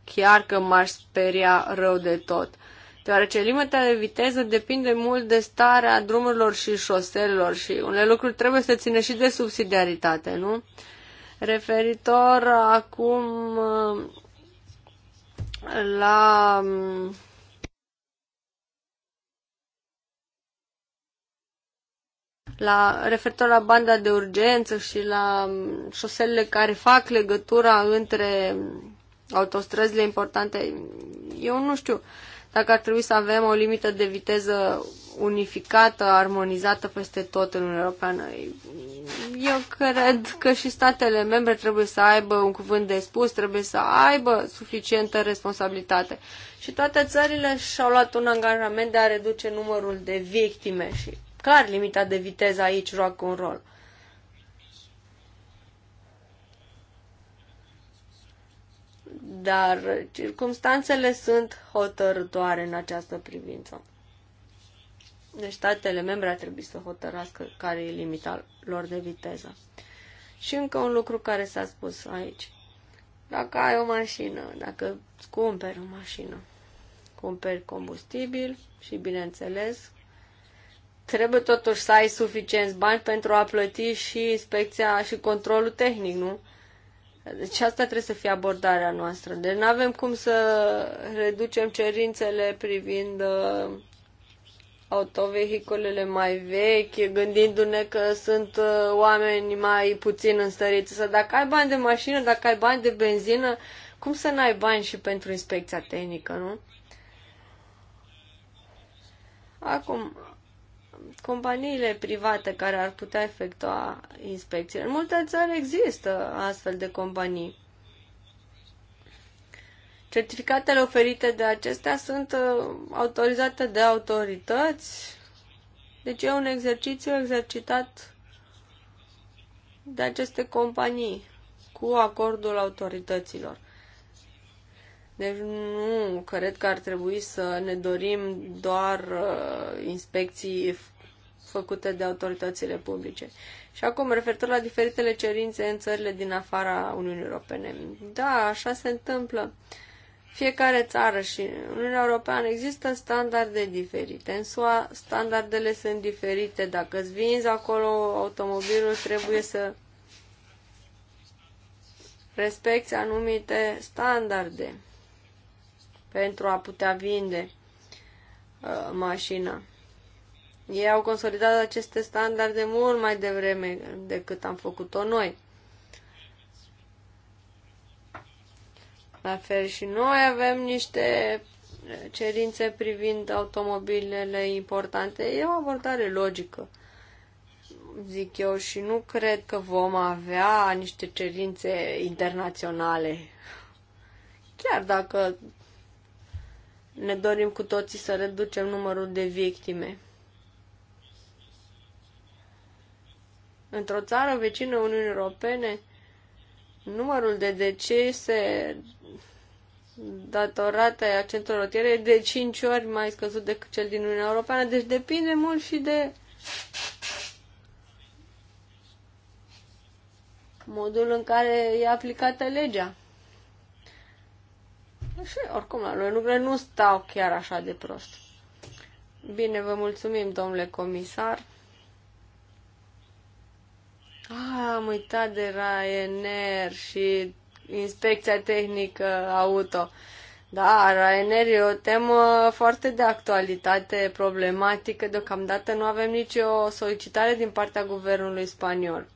chiar că m-aș speria rău de tot. Deoarece limita de viteză depinde mult de starea drumurilor și șoselelor și unele lucruri trebuie să țină și de subsidiaritate, nu? Referitor acum la la, referitor la banda de urgență și la șoselele care fac legătura între autostrăzile importante, eu nu știu. Uh, dacă ar trebui să avem o limită de viteză unificată, armonizată peste tot în Uniunea Europeană. Eu cred că și statele membre trebuie să aibă un cuvânt de spus, trebuie să aibă suficientă responsabilitate. Și toate țările și-au luat un angajament de a reduce numărul de victime și clar limita de viteză aici joacă un rol. dar circumstanțele sunt hotărătoare în această privință. Deci statele membre ar trebui să hotărască care e limita lor de viteză. Și încă un lucru care s-a spus aici. Dacă ai o mașină, dacă îți cumperi o mașină, cumperi combustibil și, bineînțeles, trebuie totuși să ai suficienți bani pentru a plăti și inspecția și controlul tehnic, nu? Deci asta trebuie să fie abordarea noastră. Deci nu avem cum să reducem cerințele privind uh, autovehiculele mai vechi, gândindu-ne că sunt uh, oameni mai puțin înstăriți. Să dacă ai bani de mașină, dacă ai bani de benzină, cum să n-ai bani și pentru inspecția tehnică, nu? Acum, companiile private care ar putea efectua inspecții. În multe țări există astfel de companii. Certificatele oferite de acestea sunt uh, autorizate de autorități, deci e un exercițiu exercitat de aceste companii cu acordul autorităților. Deci nu cred că ar trebui să ne dorim doar uh, inspecții făcute de autoritățile publice. Și acum, referitor la diferitele cerințe în țările din afara Uniunii Europene. Da, așa se întâmplă. Fiecare țară și Uniunea Europeană există standarde diferite. În SUA, standardele sunt diferite. Dacă îți vinzi acolo automobilul, trebuie să respecti anumite standarde pentru a putea vinde uh, mașina. Ei au consolidat aceste standarde mult mai devreme decât am făcut-o noi. La fel și noi avem niște cerințe privind automobilele importante. E o abordare logică, zic eu, și nu cred că vom avea niște cerințe internaționale. Chiar dacă ne dorim cu toții să reducem numărul de victime. Într-o țară vecină Uniunii Europene, numărul de decese datorate centrului rotiere e de 5 ori mai scăzut decât cel din Uniunea Europeană, deci depinde mult și de modul în care e aplicată legea. Și oricum, lucrurile nu stau chiar așa de prost. Bine, vă mulțumim, domnule comisar. Ah, am uitat de Ryanair și inspecția tehnică auto. Da, Ryanair e o temă foarte de actualitate, problematică. Deocamdată nu avem nicio solicitare din partea guvernului spaniol.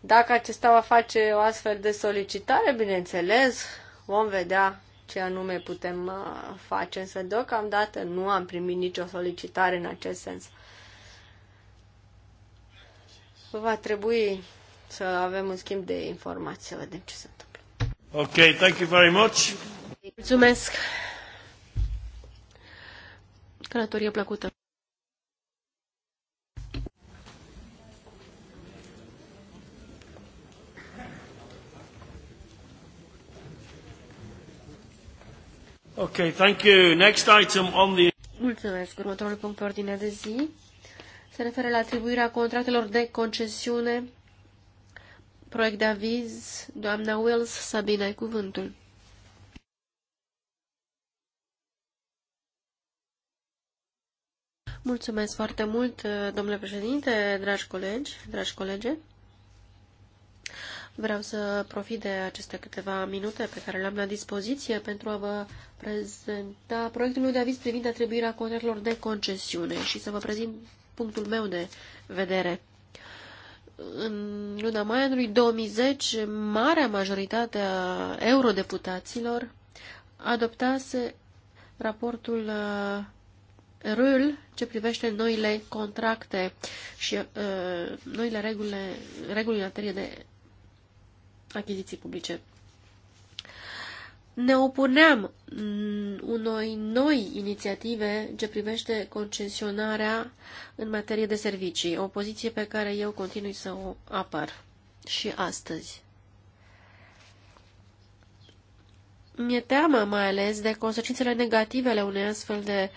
Dacă acesta va face o astfel de solicitare, bineînțeles, vom vedea ce anume putem uh, face, însă deocamdată nu am primit nicio solicitare în acest sens. Va trebui să avem un schimb de informații, să vedem ce se întâmplă. Ok, thank you very much. Mulțumesc. Călătorie plăcută. Ok, thank you. Next item on the... Mulțumesc. Următorul punct pe ordinea de zi se referă la atribuirea contractelor de concesiune. Proiect de aviz, doamna Wills, Sabina, ai cuvântul. Mulțumesc foarte mult, domnule președinte, dragi colegi, dragi colege. Vreau să profit de aceste câteva minute pe care le-am la dispoziție pentru a vă prezenta proiectul meu de aviz privind atribuirea contractelor de concesiune și să vă prezint punctul meu de vedere. În luna mai anului 2010, marea majoritate a eurodeputaților adoptase raportul uh, RUL ce privește noile contracte și uh, noile regule, reguli în materie de achiziții publice. Ne opuneam mm, unei noi inițiative ce privește concesionarea în materie de servicii, o poziție pe care eu continui să o apăr și astăzi. Mi-e teamă mai ales de consecințele negative ale unei astfel de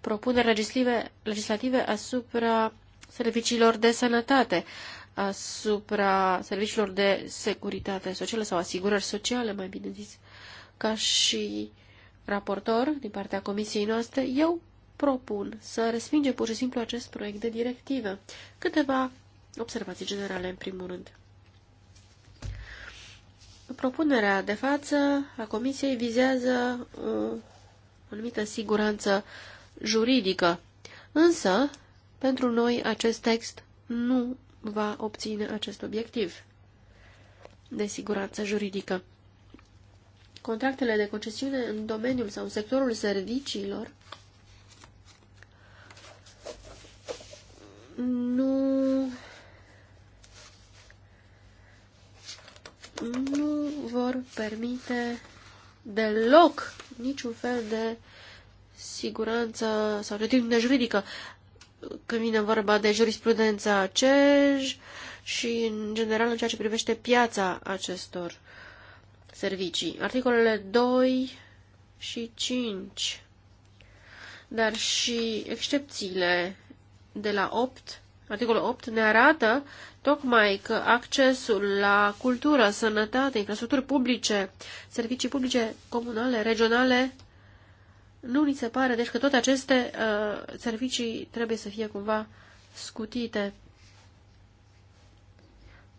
propuneri legislative, legislative asupra serviciilor de sănătate asupra serviciilor de securitate socială sau asigurări sociale, mai bine zis, ca și raportor din partea comisiei noastre, eu propun să respingem pur și simplu acest proiect de directivă. Câteva observații generale, în primul rând. Propunerea de față a Comisiei vizează o anumită siguranță juridică, însă, pentru noi, acest text nu va obține acest obiectiv de siguranță juridică. Contractele de concesiune în domeniul sau în sectorul serviciilor nu nu vor permite deloc niciun fel de siguranță sau de juridică când vine vorba de jurisprudența CEJ și, în general, în ceea ce privește piața acestor servicii. Articolele 2 și 5, dar și excepțiile de la 8, articolul 8 ne arată tocmai că accesul la cultură, sănătate, infrastructuri publice, servicii publice comunale, regionale, nu ni se pare, deci, că toate aceste uh, servicii trebuie să fie cumva scutite.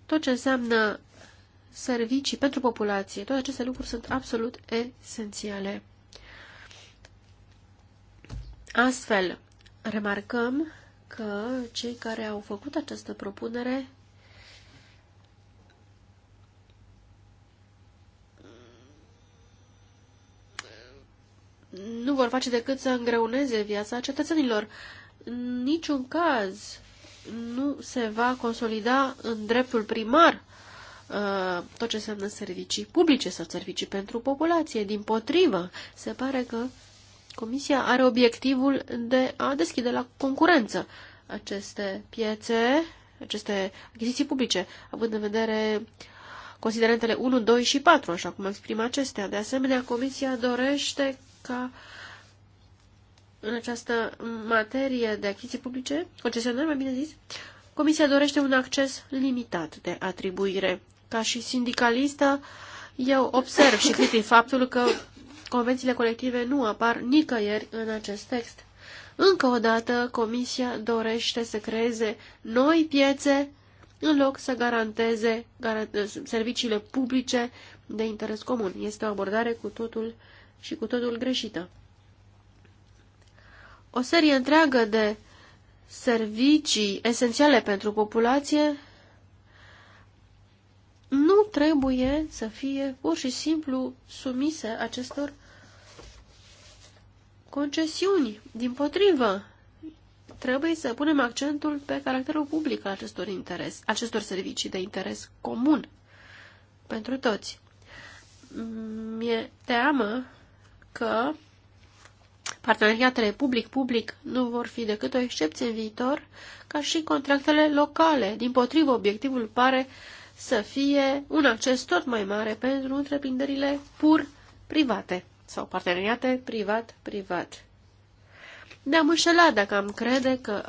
Tot ce înseamnă servicii pentru populație, toate aceste lucruri sunt absolut esențiale. Astfel, remarcăm că cei care au făcut această propunere nu vor face decât să îngreuneze viața cetățenilor. În niciun caz nu se va consolida în dreptul primar uh, tot ce înseamnă servicii publice sau servicii pentru populație. Din potrivă, se pare că Comisia are obiectivul de a deschide la concurență aceste piețe, aceste achiziții publice, având în vedere considerentele 1, 2 și 4, așa cum exprimă acestea. De asemenea, Comisia dorește ca în această materie de achiziții publice, concesionar, mai bine zis, Comisia dorește un acces limitat de atribuire. Ca și sindicalistă, eu observ și critic faptul că convențiile colective nu apar nicăieri în acest text. Încă o dată, Comisia dorește să creeze noi piețe în loc să garanteze serviciile publice de interes comun. Este o abordare cu totul și cu totul greșită. O serie întreagă de servicii esențiale pentru populație nu trebuie să fie pur și simplu sumise acestor concesiuni. Din potrivă, trebuie să punem accentul pe caracterul public al acestor, interes, acestor servicii de interes comun pentru toți. Mi-e teamă că parteneriatele public-public nu vor fi decât o excepție în viitor, ca și contractele locale. Din potrivă, obiectivul pare să fie un acces tot mai mare pentru întreprinderile pur private sau parteneriate privat-privat. Ne-am înșelat dacă am crede că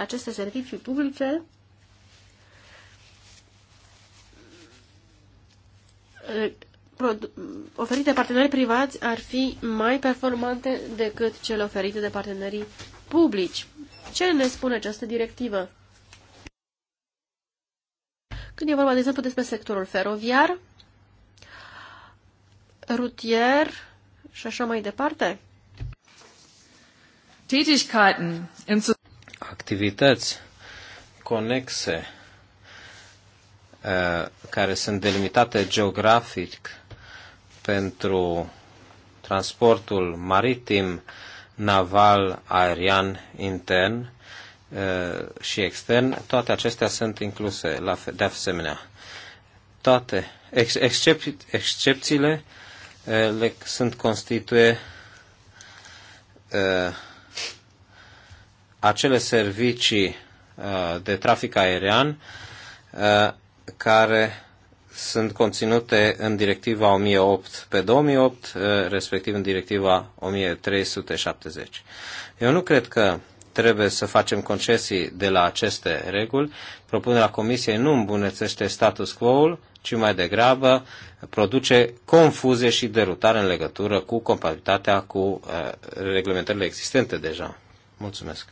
aceste servicii publice oferite de parteneri privați ar fi mai performante decât cele oferite de partenerii publici. Ce ne spune această directivă? Când e vorba, de exemplu, despre sectorul feroviar, rutier și așa mai departe. Activități conexe eh, care sunt delimitate geografic pentru transportul maritim, naval, aerian, intern uh, și extern, toate acestea sunt incluse la, de asemenea. Toate ex, excep, excepțiile uh, le, sunt constituie uh, acele servicii de trafic aerian care sunt conținute în directiva 1008 pe 2008, eh, respectiv în directiva 1370. Eu nu cred că trebuie să facem concesii de la aceste reguli. Propunerea Comisiei nu îmbunătățește status quo-ul, ci mai degrabă produce confuzie și derutare în legătură cu compatibilitatea cu eh, reglementările existente deja. Mulțumesc.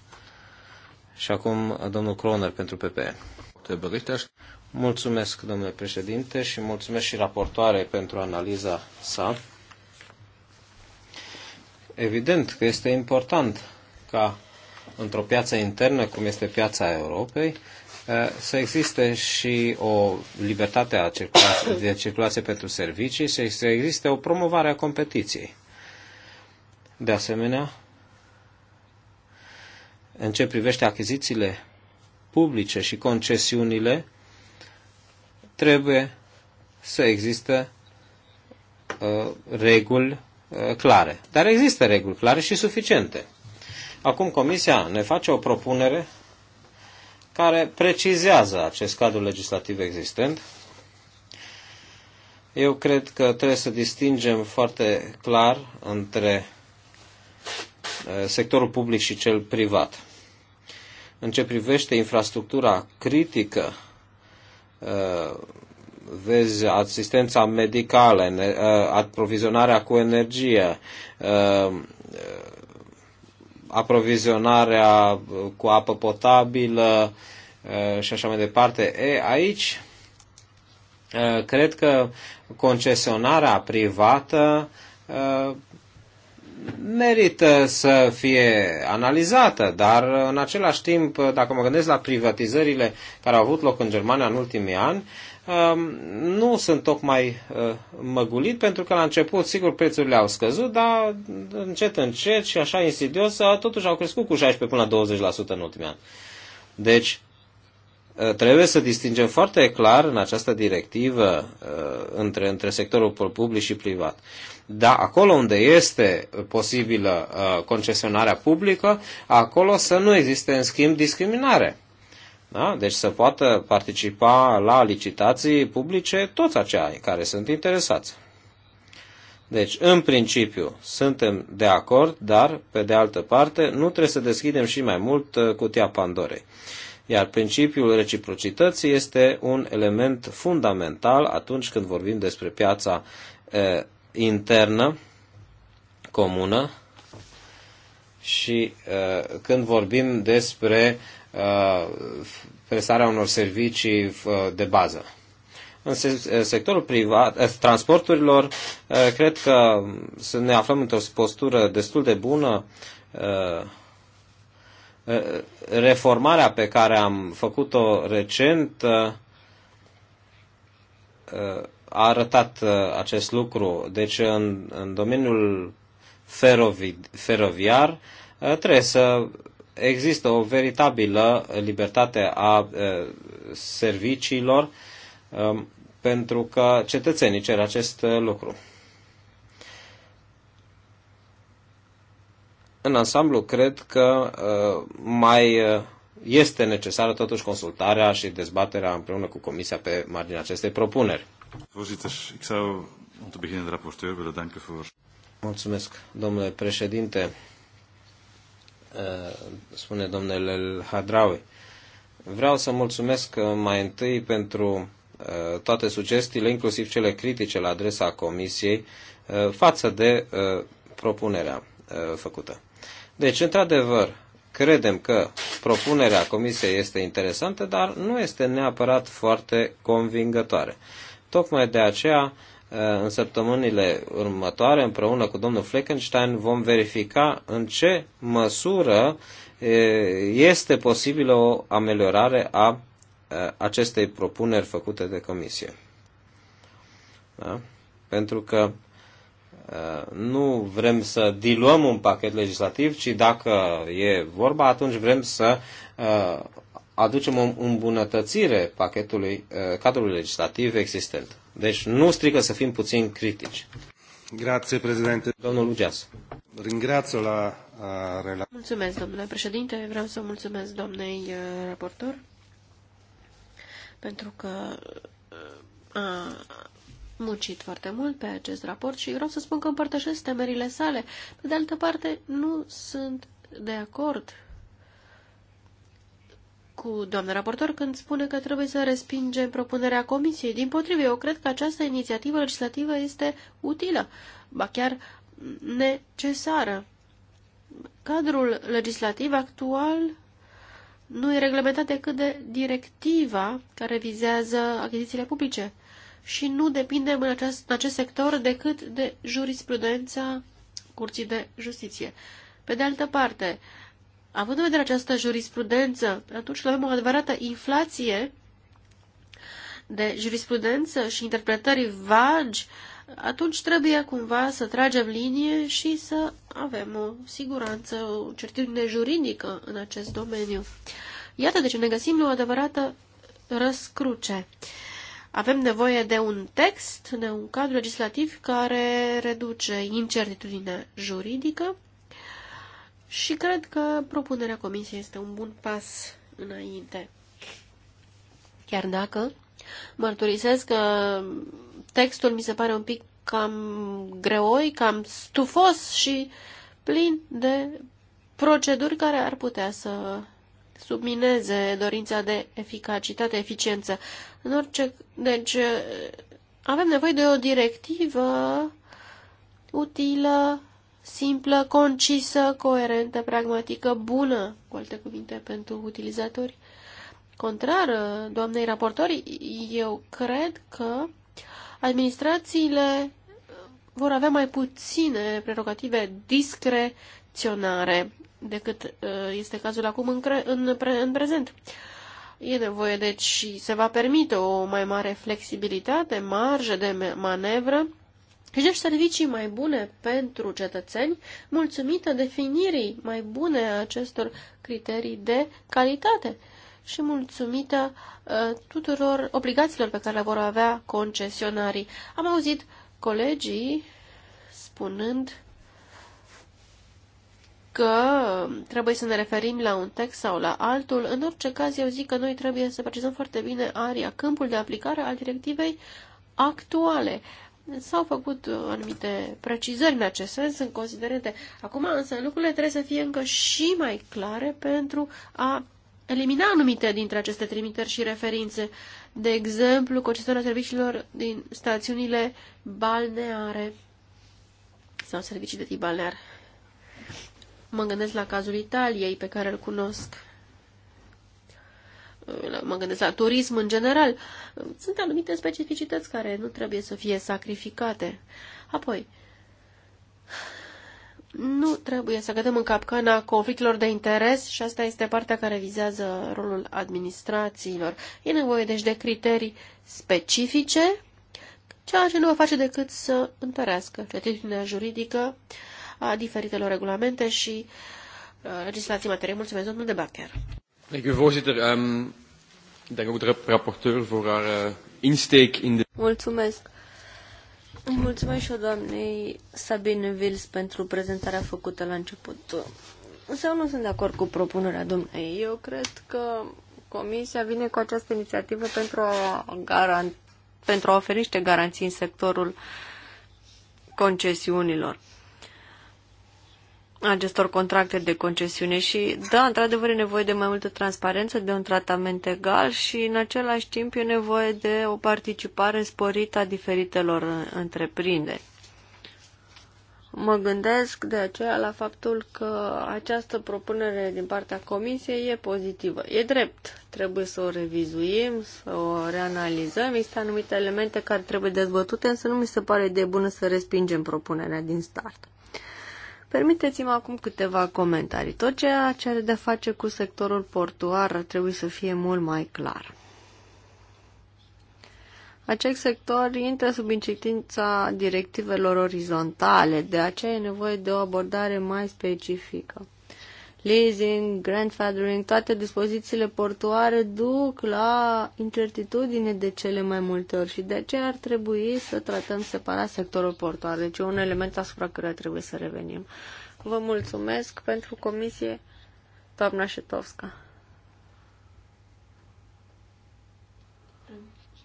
Și acum domnul Croner pentru PPE. Mulțumesc, domnule președinte, și mulțumesc și raportoare pentru analiza sa. Evident că este important ca într-o piață internă, cum este piața Europei, eh, să existe și o libertate de circulație pentru servicii să existe o promovare a competiției. De asemenea, în ce privește achizițiile publice și concesiunile, trebuie să existe uh, reguli uh, clare. Dar există reguli clare și suficiente. Acum Comisia ne face o propunere care precizează acest cadru legislativ existent. Eu cred că trebuie să distingem foarte clar între uh, sectorul public și cel privat. În ce privește infrastructura critică Uh, vezi asistența medicală, uh, aprovizionarea cu energie, uh, aprovizionarea cu apă potabilă și așa mai departe. E, aici cred că concesionarea privată merită să fie analizată, dar în același timp, dacă mă gândesc la privatizările care au avut loc în Germania în ultimii ani, um, nu sunt tocmai uh, măgulit, pentru că la început, sigur, prețurile au scăzut, dar încet, încet și așa insidios, totuși au crescut cu 16 până la 20% în ultimii ani. Deci, Uh, trebuie să distingem foarte clar în această directivă uh, între, între sectorul public și privat. Da, acolo unde este posibilă uh, concesionarea publică, acolo să nu existe, în schimb, discriminare. Da? Deci să poată participa la licitații publice toți aceia care sunt interesați. Deci, în principiu, suntem de acord, dar, pe de altă parte, nu trebuie să deschidem și mai mult cutia Pandorei. Iar principiul reciprocității este un element fundamental atunci când vorbim despre piața e, internă comună și e, când vorbim despre e, prestarea unor servicii de bază. În sectorul privat, transporturilor, cred că ne aflăm într-o postură destul de bună Uh, reformarea pe care am făcut-o recent uh, uh, a arătat acest lucru. Deci în, în domeniul ferovi, feroviar trebuie să există o veritabilă libertate a serviciilor um, pentru că cetățenii cer acest lucru. în ansamblu, cred că uh, mai uh, este necesară totuși consultarea și dezbaterea împreună cu Comisia pe marginea acestei propuneri. Mulțumesc, domnule președinte, uh, spune domnule Hadraui. Vreau să mulțumesc mai întâi pentru toate sugestiile, inclusiv cele critice la adresa Comisiei, față de propunerea făcută. Deci, într-adevăr, credem că propunerea Comisiei este interesantă, dar nu este neapărat foarte convingătoare. Tocmai de aceea, uh, în săptămânile următoare, împreună cu domnul Fleckenstein, vom verifica în ce măsură uh, este posibilă o ameliorare a uh, acestei propuneri făcute de comisie. Da? Pentru că nu vrem să diluăm un pachet legislativ, ci dacă e vorba, atunci vrem să uh, aducem o îmbunătățire pachetului, uh, cadrului legislativ existent. Deci nu strică să fim puțin critici. Grație, președinte. Domnul Ugeas. Ringrazio la uh, relație. Mulțumesc, domnule președinte. Vreau să mulțumesc domnei raportor pentru că a muncit foarte mult pe acest raport și vreau să spun că împărtășesc temerile sale. Pe de altă parte, nu sunt de acord cu doamna raportor când spune că trebuie să respingem propunerea comisiei. Din potrivă, eu cred că această inițiativă legislativă este utilă, ba chiar necesară. Cadrul legislativ actual nu e reglementat decât de directiva care vizează achizițiile publice și nu depindem în acest, în acest sector decât de jurisprudența Curții de Justiție. Pe de altă parte, având în vedere această jurisprudență, atunci când avem o adevărată inflație de jurisprudență și interpretări vagi, atunci trebuie cumva să tragem linie și să avem o siguranță, o certitudine juridică în acest domeniu. Iată de deci, ce ne găsim la o adevărată răscruce. Uh, avem nevoie de un text, de un cadru legislativ care reduce incertitudinea juridică și cred că propunerea Comisiei este un bun pas înainte. Chiar dacă mărturisesc că textul mi se pare un pic cam greoi, cam stufos și plin de proceduri care ar putea să submineze dorința de eficacitate, eficiență. În orice, deci avem nevoie de o directivă utilă, simplă, concisă, coerentă, pragmatică, bună, cu alte cuvinte, pentru utilizatori. Contrar doamnei raportori, eu cred că administrațiile vor avea mai puține prerogative discreționare decât uh, este cazul acum în, cre- în, pre- în prezent. E nevoie, deci, și se va permite o mai mare flexibilitate, marjă de manevră și deci servicii mai bune pentru cetățeni, mulțumită definirii mai bune a acestor criterii de calitate și mulțumită uh, tuturor obligațiilor pe care le vor avea concesionarii. Am auzit colegii spunând că trebuie să ne referim la un text sau la altul. În orice caz, eu zic că noi trebuie să precizăm foarte bine aria, câmpul de aplicare al directivei actuale. S-au făcut anumite precizări în acest sens, în considerente. Acum, însă, lucrurile trebuie să fie încă și mai clare pentru a elimina anumite dintre aceste trimiteri și referințe. De exemplu, concesiunea serviciilor din stațiunile balneare sau servicii de tip balnear. Mă gândesc la cazul Italiei, pe care îl cunosc. Mă gândesc la turism în general. Sunt anumite specificități care nu trebuie să fie sacrificate. Apoi, nu trebuie să cădem în capcana conflictelor de interes și asta este partea care vizează rolul administrațiilor. E nevoie deci de criterii specifice, ceea ce nu va face decât să întărească certitudinea juridică uh, a diferitelor regulamente și uh, legislații materie. Mulțumesc, domnul de Bacher. Ehm, eh, de Mulțumesc. Îi mulțumesc și o doamnei Sabine Vils pentru prezentarea făcută la început. Însă eu nu sunt de acord cu propunerea domnei. Eu cred că Comisia vine cu această inițiativă pentru a, garan- pentru a oferi niște garanții în sectorul concesiunilor acestor contracte de concesiune și, da, într-adevăr, e nevoie de mai multă transparență, de un tratament egal și, în același timp, e nevoie de o participare sporită a diferitelor uh, întreprinderi. Mă gândesc de aceea la faptul că această propunere din partea Comisiei e pozitivă. E drept, trebuie să o revizuim, să o reanalizăm. Există anumite elemente care trebuie dezbătute, însă nu mi se pare de bună să respingem propunerea din start. Permiteți-mi acum câteva comentarii. Tot ceea ce are de face cu sectorul portuar ar trebui să fie mult mai clar. Acest sector intră sub incitința directivelor orizontale, de aceea e nevoie de o abordare mai specifică leasing, grandfathering, toate dispozițiile portoare duc la incertitudine de cele mai multe ori și de aceea ar trebui să tratăm separat sectorul portoare. Deci e un element asupra care trebuie să revenim. Vă mulțumesc pentru comisie, doamna Șetovska.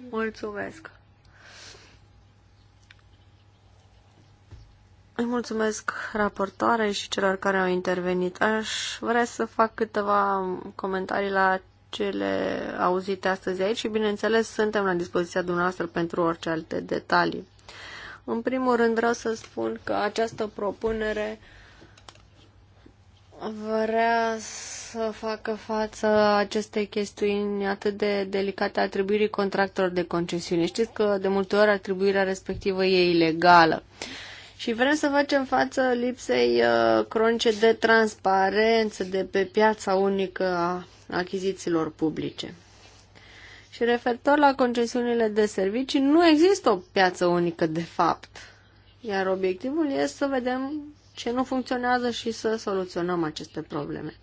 Mulțumesc. Îi mulțumesc raportoare și celor care au intervenit. Aș vrea să fac câteva comentarii la cele auzite astăzi aici și, bineînțeles, suntem la dispoziția dumneavoastră pentru orice alte detalii. În primul rând vreau să spun că această propunere vrea să facă față acestei chestiuni atât de delicate a atribuirii contractelor de concesiune. Știți că de multe ori atribuirea respectivă e ilegală. Uh, și vrem să facem față lipsei uh, cronice de transparență de pe piața unică a achizițiilor publice. Și referitor la concesiunile de servicii, nu există o piață unică de fapt. Iar obiectivul este să vedem ce nu funcționează și să soluționăm aceste probleme.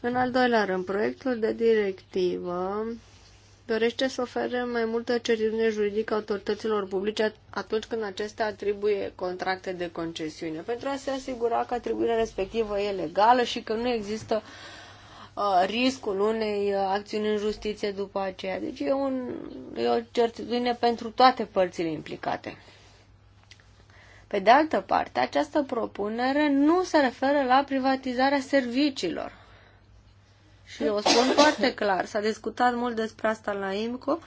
În al doilea rând, proiectul de directivă dorește să ofere mai multă certitudine juridică autorităților publice atunci când acestea atribuie contracte de concesiune, pentru a se asigura că atribuirea respectivă e legală și că nu există uh, riscul unei uh, acțiuni în justiție după aceea. Deci e, un, e o certitudine pentru toate părțile implicate. Pe de altă parte, această propunere nu se referă la privatizarea serviciilor, și o spun foarte clar, s-a discutat mult despre asta la IMCO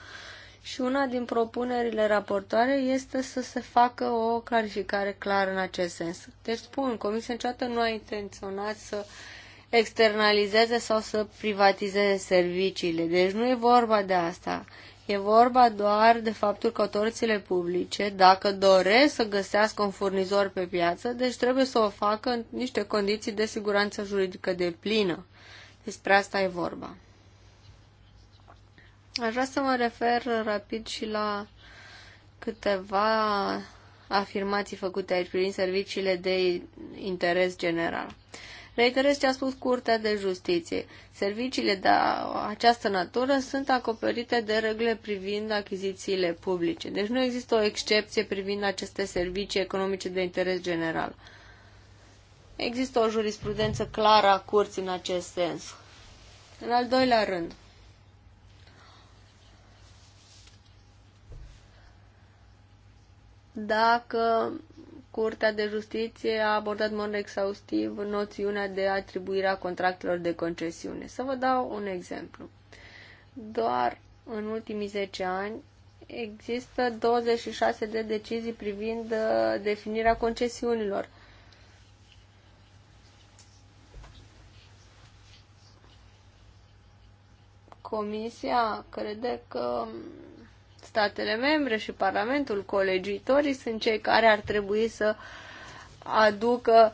și una din propunerile raportoare este să se facă o clarificare clară în acest sens. Deci spun, Comisia niciodată nu a intenționat să externalizeze sau să privatizeze serviciile. Deci nu e vorba de asta. E vorba doar de faptul că autoritățile publice, dacă doresc să găsească un furnizor pe piață, deci trebuie să o facă în niște condiții de siguranță juridică de plină. Despre asta e vorba. Aș vrea să mă refer rapid și la câteva afirmații făcute aici privind serviciile de interes general. Reiterez ce a spus Curtea de Justiție. Serviciile de această natură sunt acoperite de regulile privind achizițiile publice. Deci nu există o excepție privind aceste servicii economice de interes general. Există o jurisprudență clară a curții în acest sens. În al doilea rând, dacă Curtea de Justiție a abordat mod exhaustiv noțiunea de atribuirea contractelor de concesiune. Să vă dau un exemplu. Doar în ultimii 10 ani există 26 de decizii privind uh, definirea concesiunilor. Comisia crede că statele membre și Parlamentul, colegitorii, sunt cei care ar trebui să aducă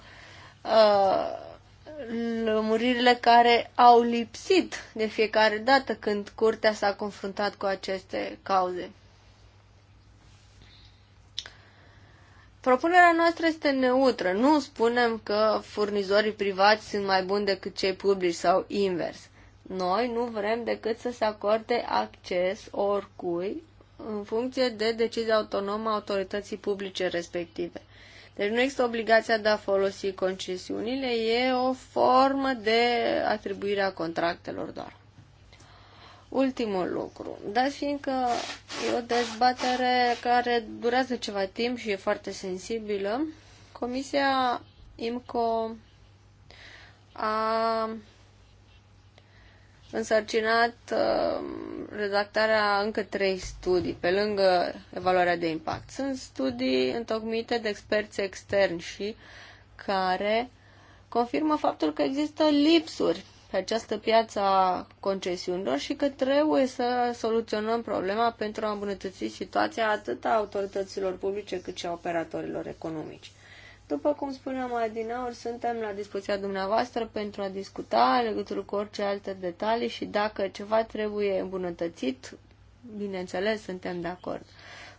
uh, lămuririle care au lipsit de fiecare dată când curtea s-a confruntat cu aceste cauze. Propunerea noastră este neutră. Nu spunem că furnizorii privați sunt mai buni decât cei publici sau invers. Noi nu vrem decât să se acorde acces oricui în funcție de decizia autonomă a autorității publice respective. Deci nu există obligația de a folosi concesiunile, e o formă de atribuire a contractelor doar. Ultimul lucru, dar fiindcă e o dezbatere care durează ceva timp și e foarte sensibilă, Comisia IMCO a însărcinat uh, redactarea încă trei studii, pe lângă evaluarea de impact. Sunt studii întocmite de experți externi și care confirmă faptul că există lipsuri pe această piață a concesiunilor și că trebuie să soluționăm problema pentru a îmbunătăți situația atât a autorităților publice cât și a operatorilor economici. După cum spuneam adinaur, suntem la dispoziția dumneavoastră pentru a discuta în legătură cu orice alte detalii și dacă ceva trebuie îmbunătățit, bineînțeles, suntem de acord.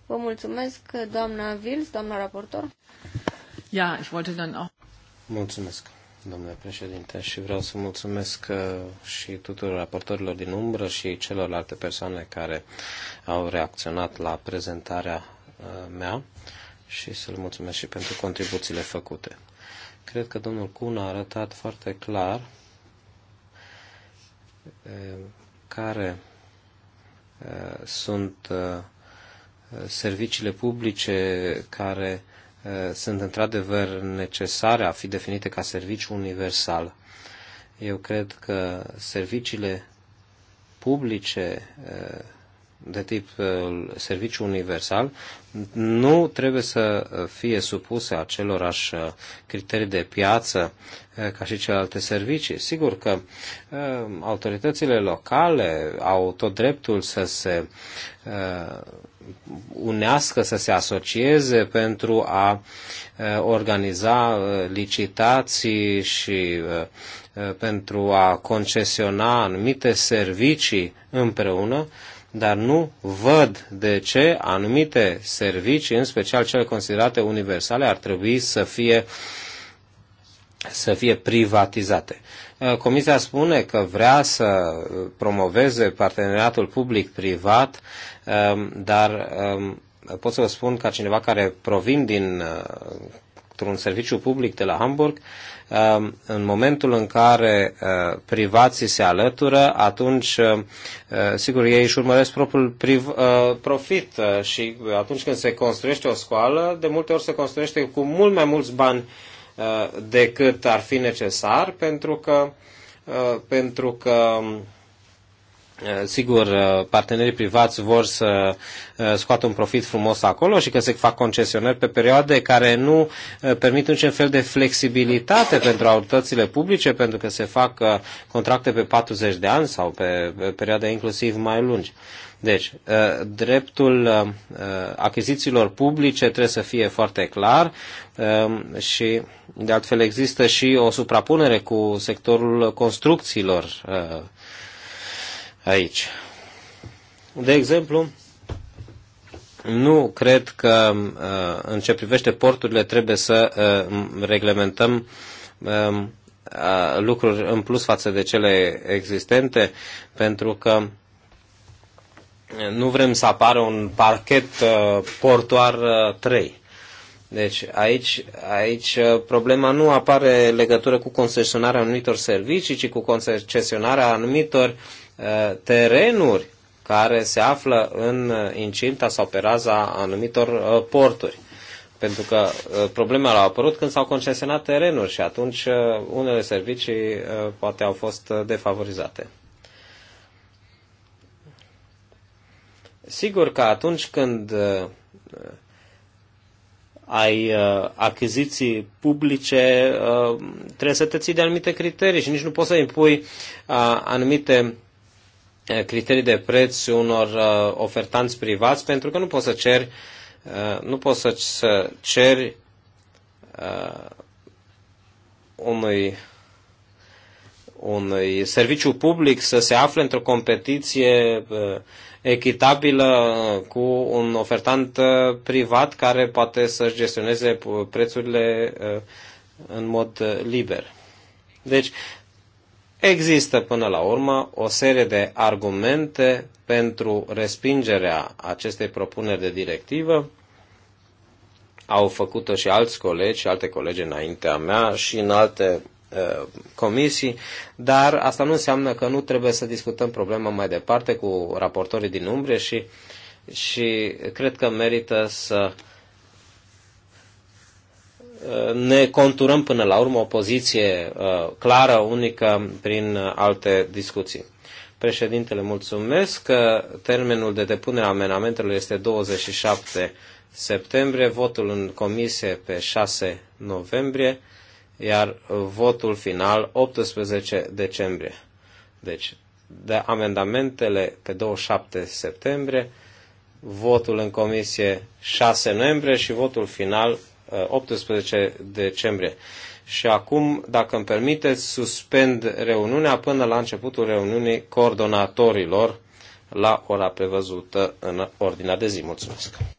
Vă mulțumesc, doamna Vils, doamna raportor. Ja, ich wollte dann auch. Mulțumesc, domnule președinte, și vreau să mulțumesc uh, și tuturor raportorilor din umbră și celorlalte persoane care au reacționat la prezentarea uh, mea și să-l mulțumesc și pentru contribuțiile făcute. Cred că domnul Cun a arătat foarte clar care sunt serviciile publice care sunt într-adevăr necesare a fi definite ca serviciu universal. Eu cred că serviciile publice de tip uh, serviciu universal nu trebuie să fie supuse acelorași uh, criterii de piață uh, ca și celelalte servicii. Sigur că autoritățile locale au tot dreptul să se unească, să se asocieze pentru a organiza licitații și pentru a concesiona anumite servicii împreună, dar nu văd de ce anumite servicii, în special cele considerate universale, ar trebui să fie să fie privatizate. Uh, Comisia spune că vrea să promoveze parteneriatul public-privat, um, dar um, pot să vă spun ca cineva care provin din uh, un serviciu public de la Hamburg, Um, în momentul în care uh, privații se alătură, atunci, uh, uh, sigur, ei își urmăresc propriul profit și atunci când se construiește o școală, de multe ori se construiește cu mult mai mulți bani decât ar fi necesar, pentru că, pentru că um, Eh, sigur, eh, partenerii privați vor să eh, scoată un profit frumos acolo și că se fac concesionări pe perioade care nu permit niciun fel de flexibilitate pentru autoritățile publice, pentru că se fac contracte pe 40 de ani sau pe perioade inclusiv mai lungi. Deci, dreptul achizițiilor publice trebuie să fie foarte clar și, de altfel, există și o suprapunere cu sectorul construcțiilor aici. De exemplu, nu cred că uh, în ce privește porturile trebuie să uh, reglementăm um, uh, lucruri în plus față de cele existente, pentru că nu vrem să apară un parchet portuar 3. Deci aici, aici problema nu apare legătură cu concesionarea anumitor servicii, ci cu concesionarea anumitor Uh, terenuri care se află în uh, incinta sau pe raza anumitor uh, porturi. Pentru că problemele au apărut când s-au concesionat terenuri și atunci unele servicii poate au fost defavorizate. Sigur că atunci când ai uh, achiziții publice, uh, trebuie să te ții de anumite criterii și nici nu poți să impui uh, anumite Eh, criterii de preț unor eh, ofertanți privați, pentru că nu poți să ceri, eh, nu poți să, să ceri unui, unui serviciu public să se afle într-o competiție echitabilă cu un ofertant privat care poate să-și gestioneze prețurile în mod liber. Deci, Există până la urmă o serie de argumente pentru respingerea acestei propuneri de directivă. Au făcut-o și alți colegi și alte colegi înaintea mea și în alte uh, comisii, dar asta nu înseamnă că nu trebuie să discutăm problema mai departe cu raportorii din umbre și, și cred că merită să uh, ne conturăm până la urmă o poziție uh, clară, unică, prin uh, alte discuții. Președintele, mulțumesc că uh, termenul de depunere a amenamentelor este 27 septembrie, votul în comisie pe 6 noiembrie, iar votul final 18 decembrie. Deci, de amendamentele pe 27 septembrie, votul în comisie 6 noiembrie și votul final 18 uh, decembrie. Și acum, dacă îmi permiteți, suspend reuniunea până la începutul reuniunii coordonatorilor la ora prevăzută în ordinea de zi. Mulțumesc!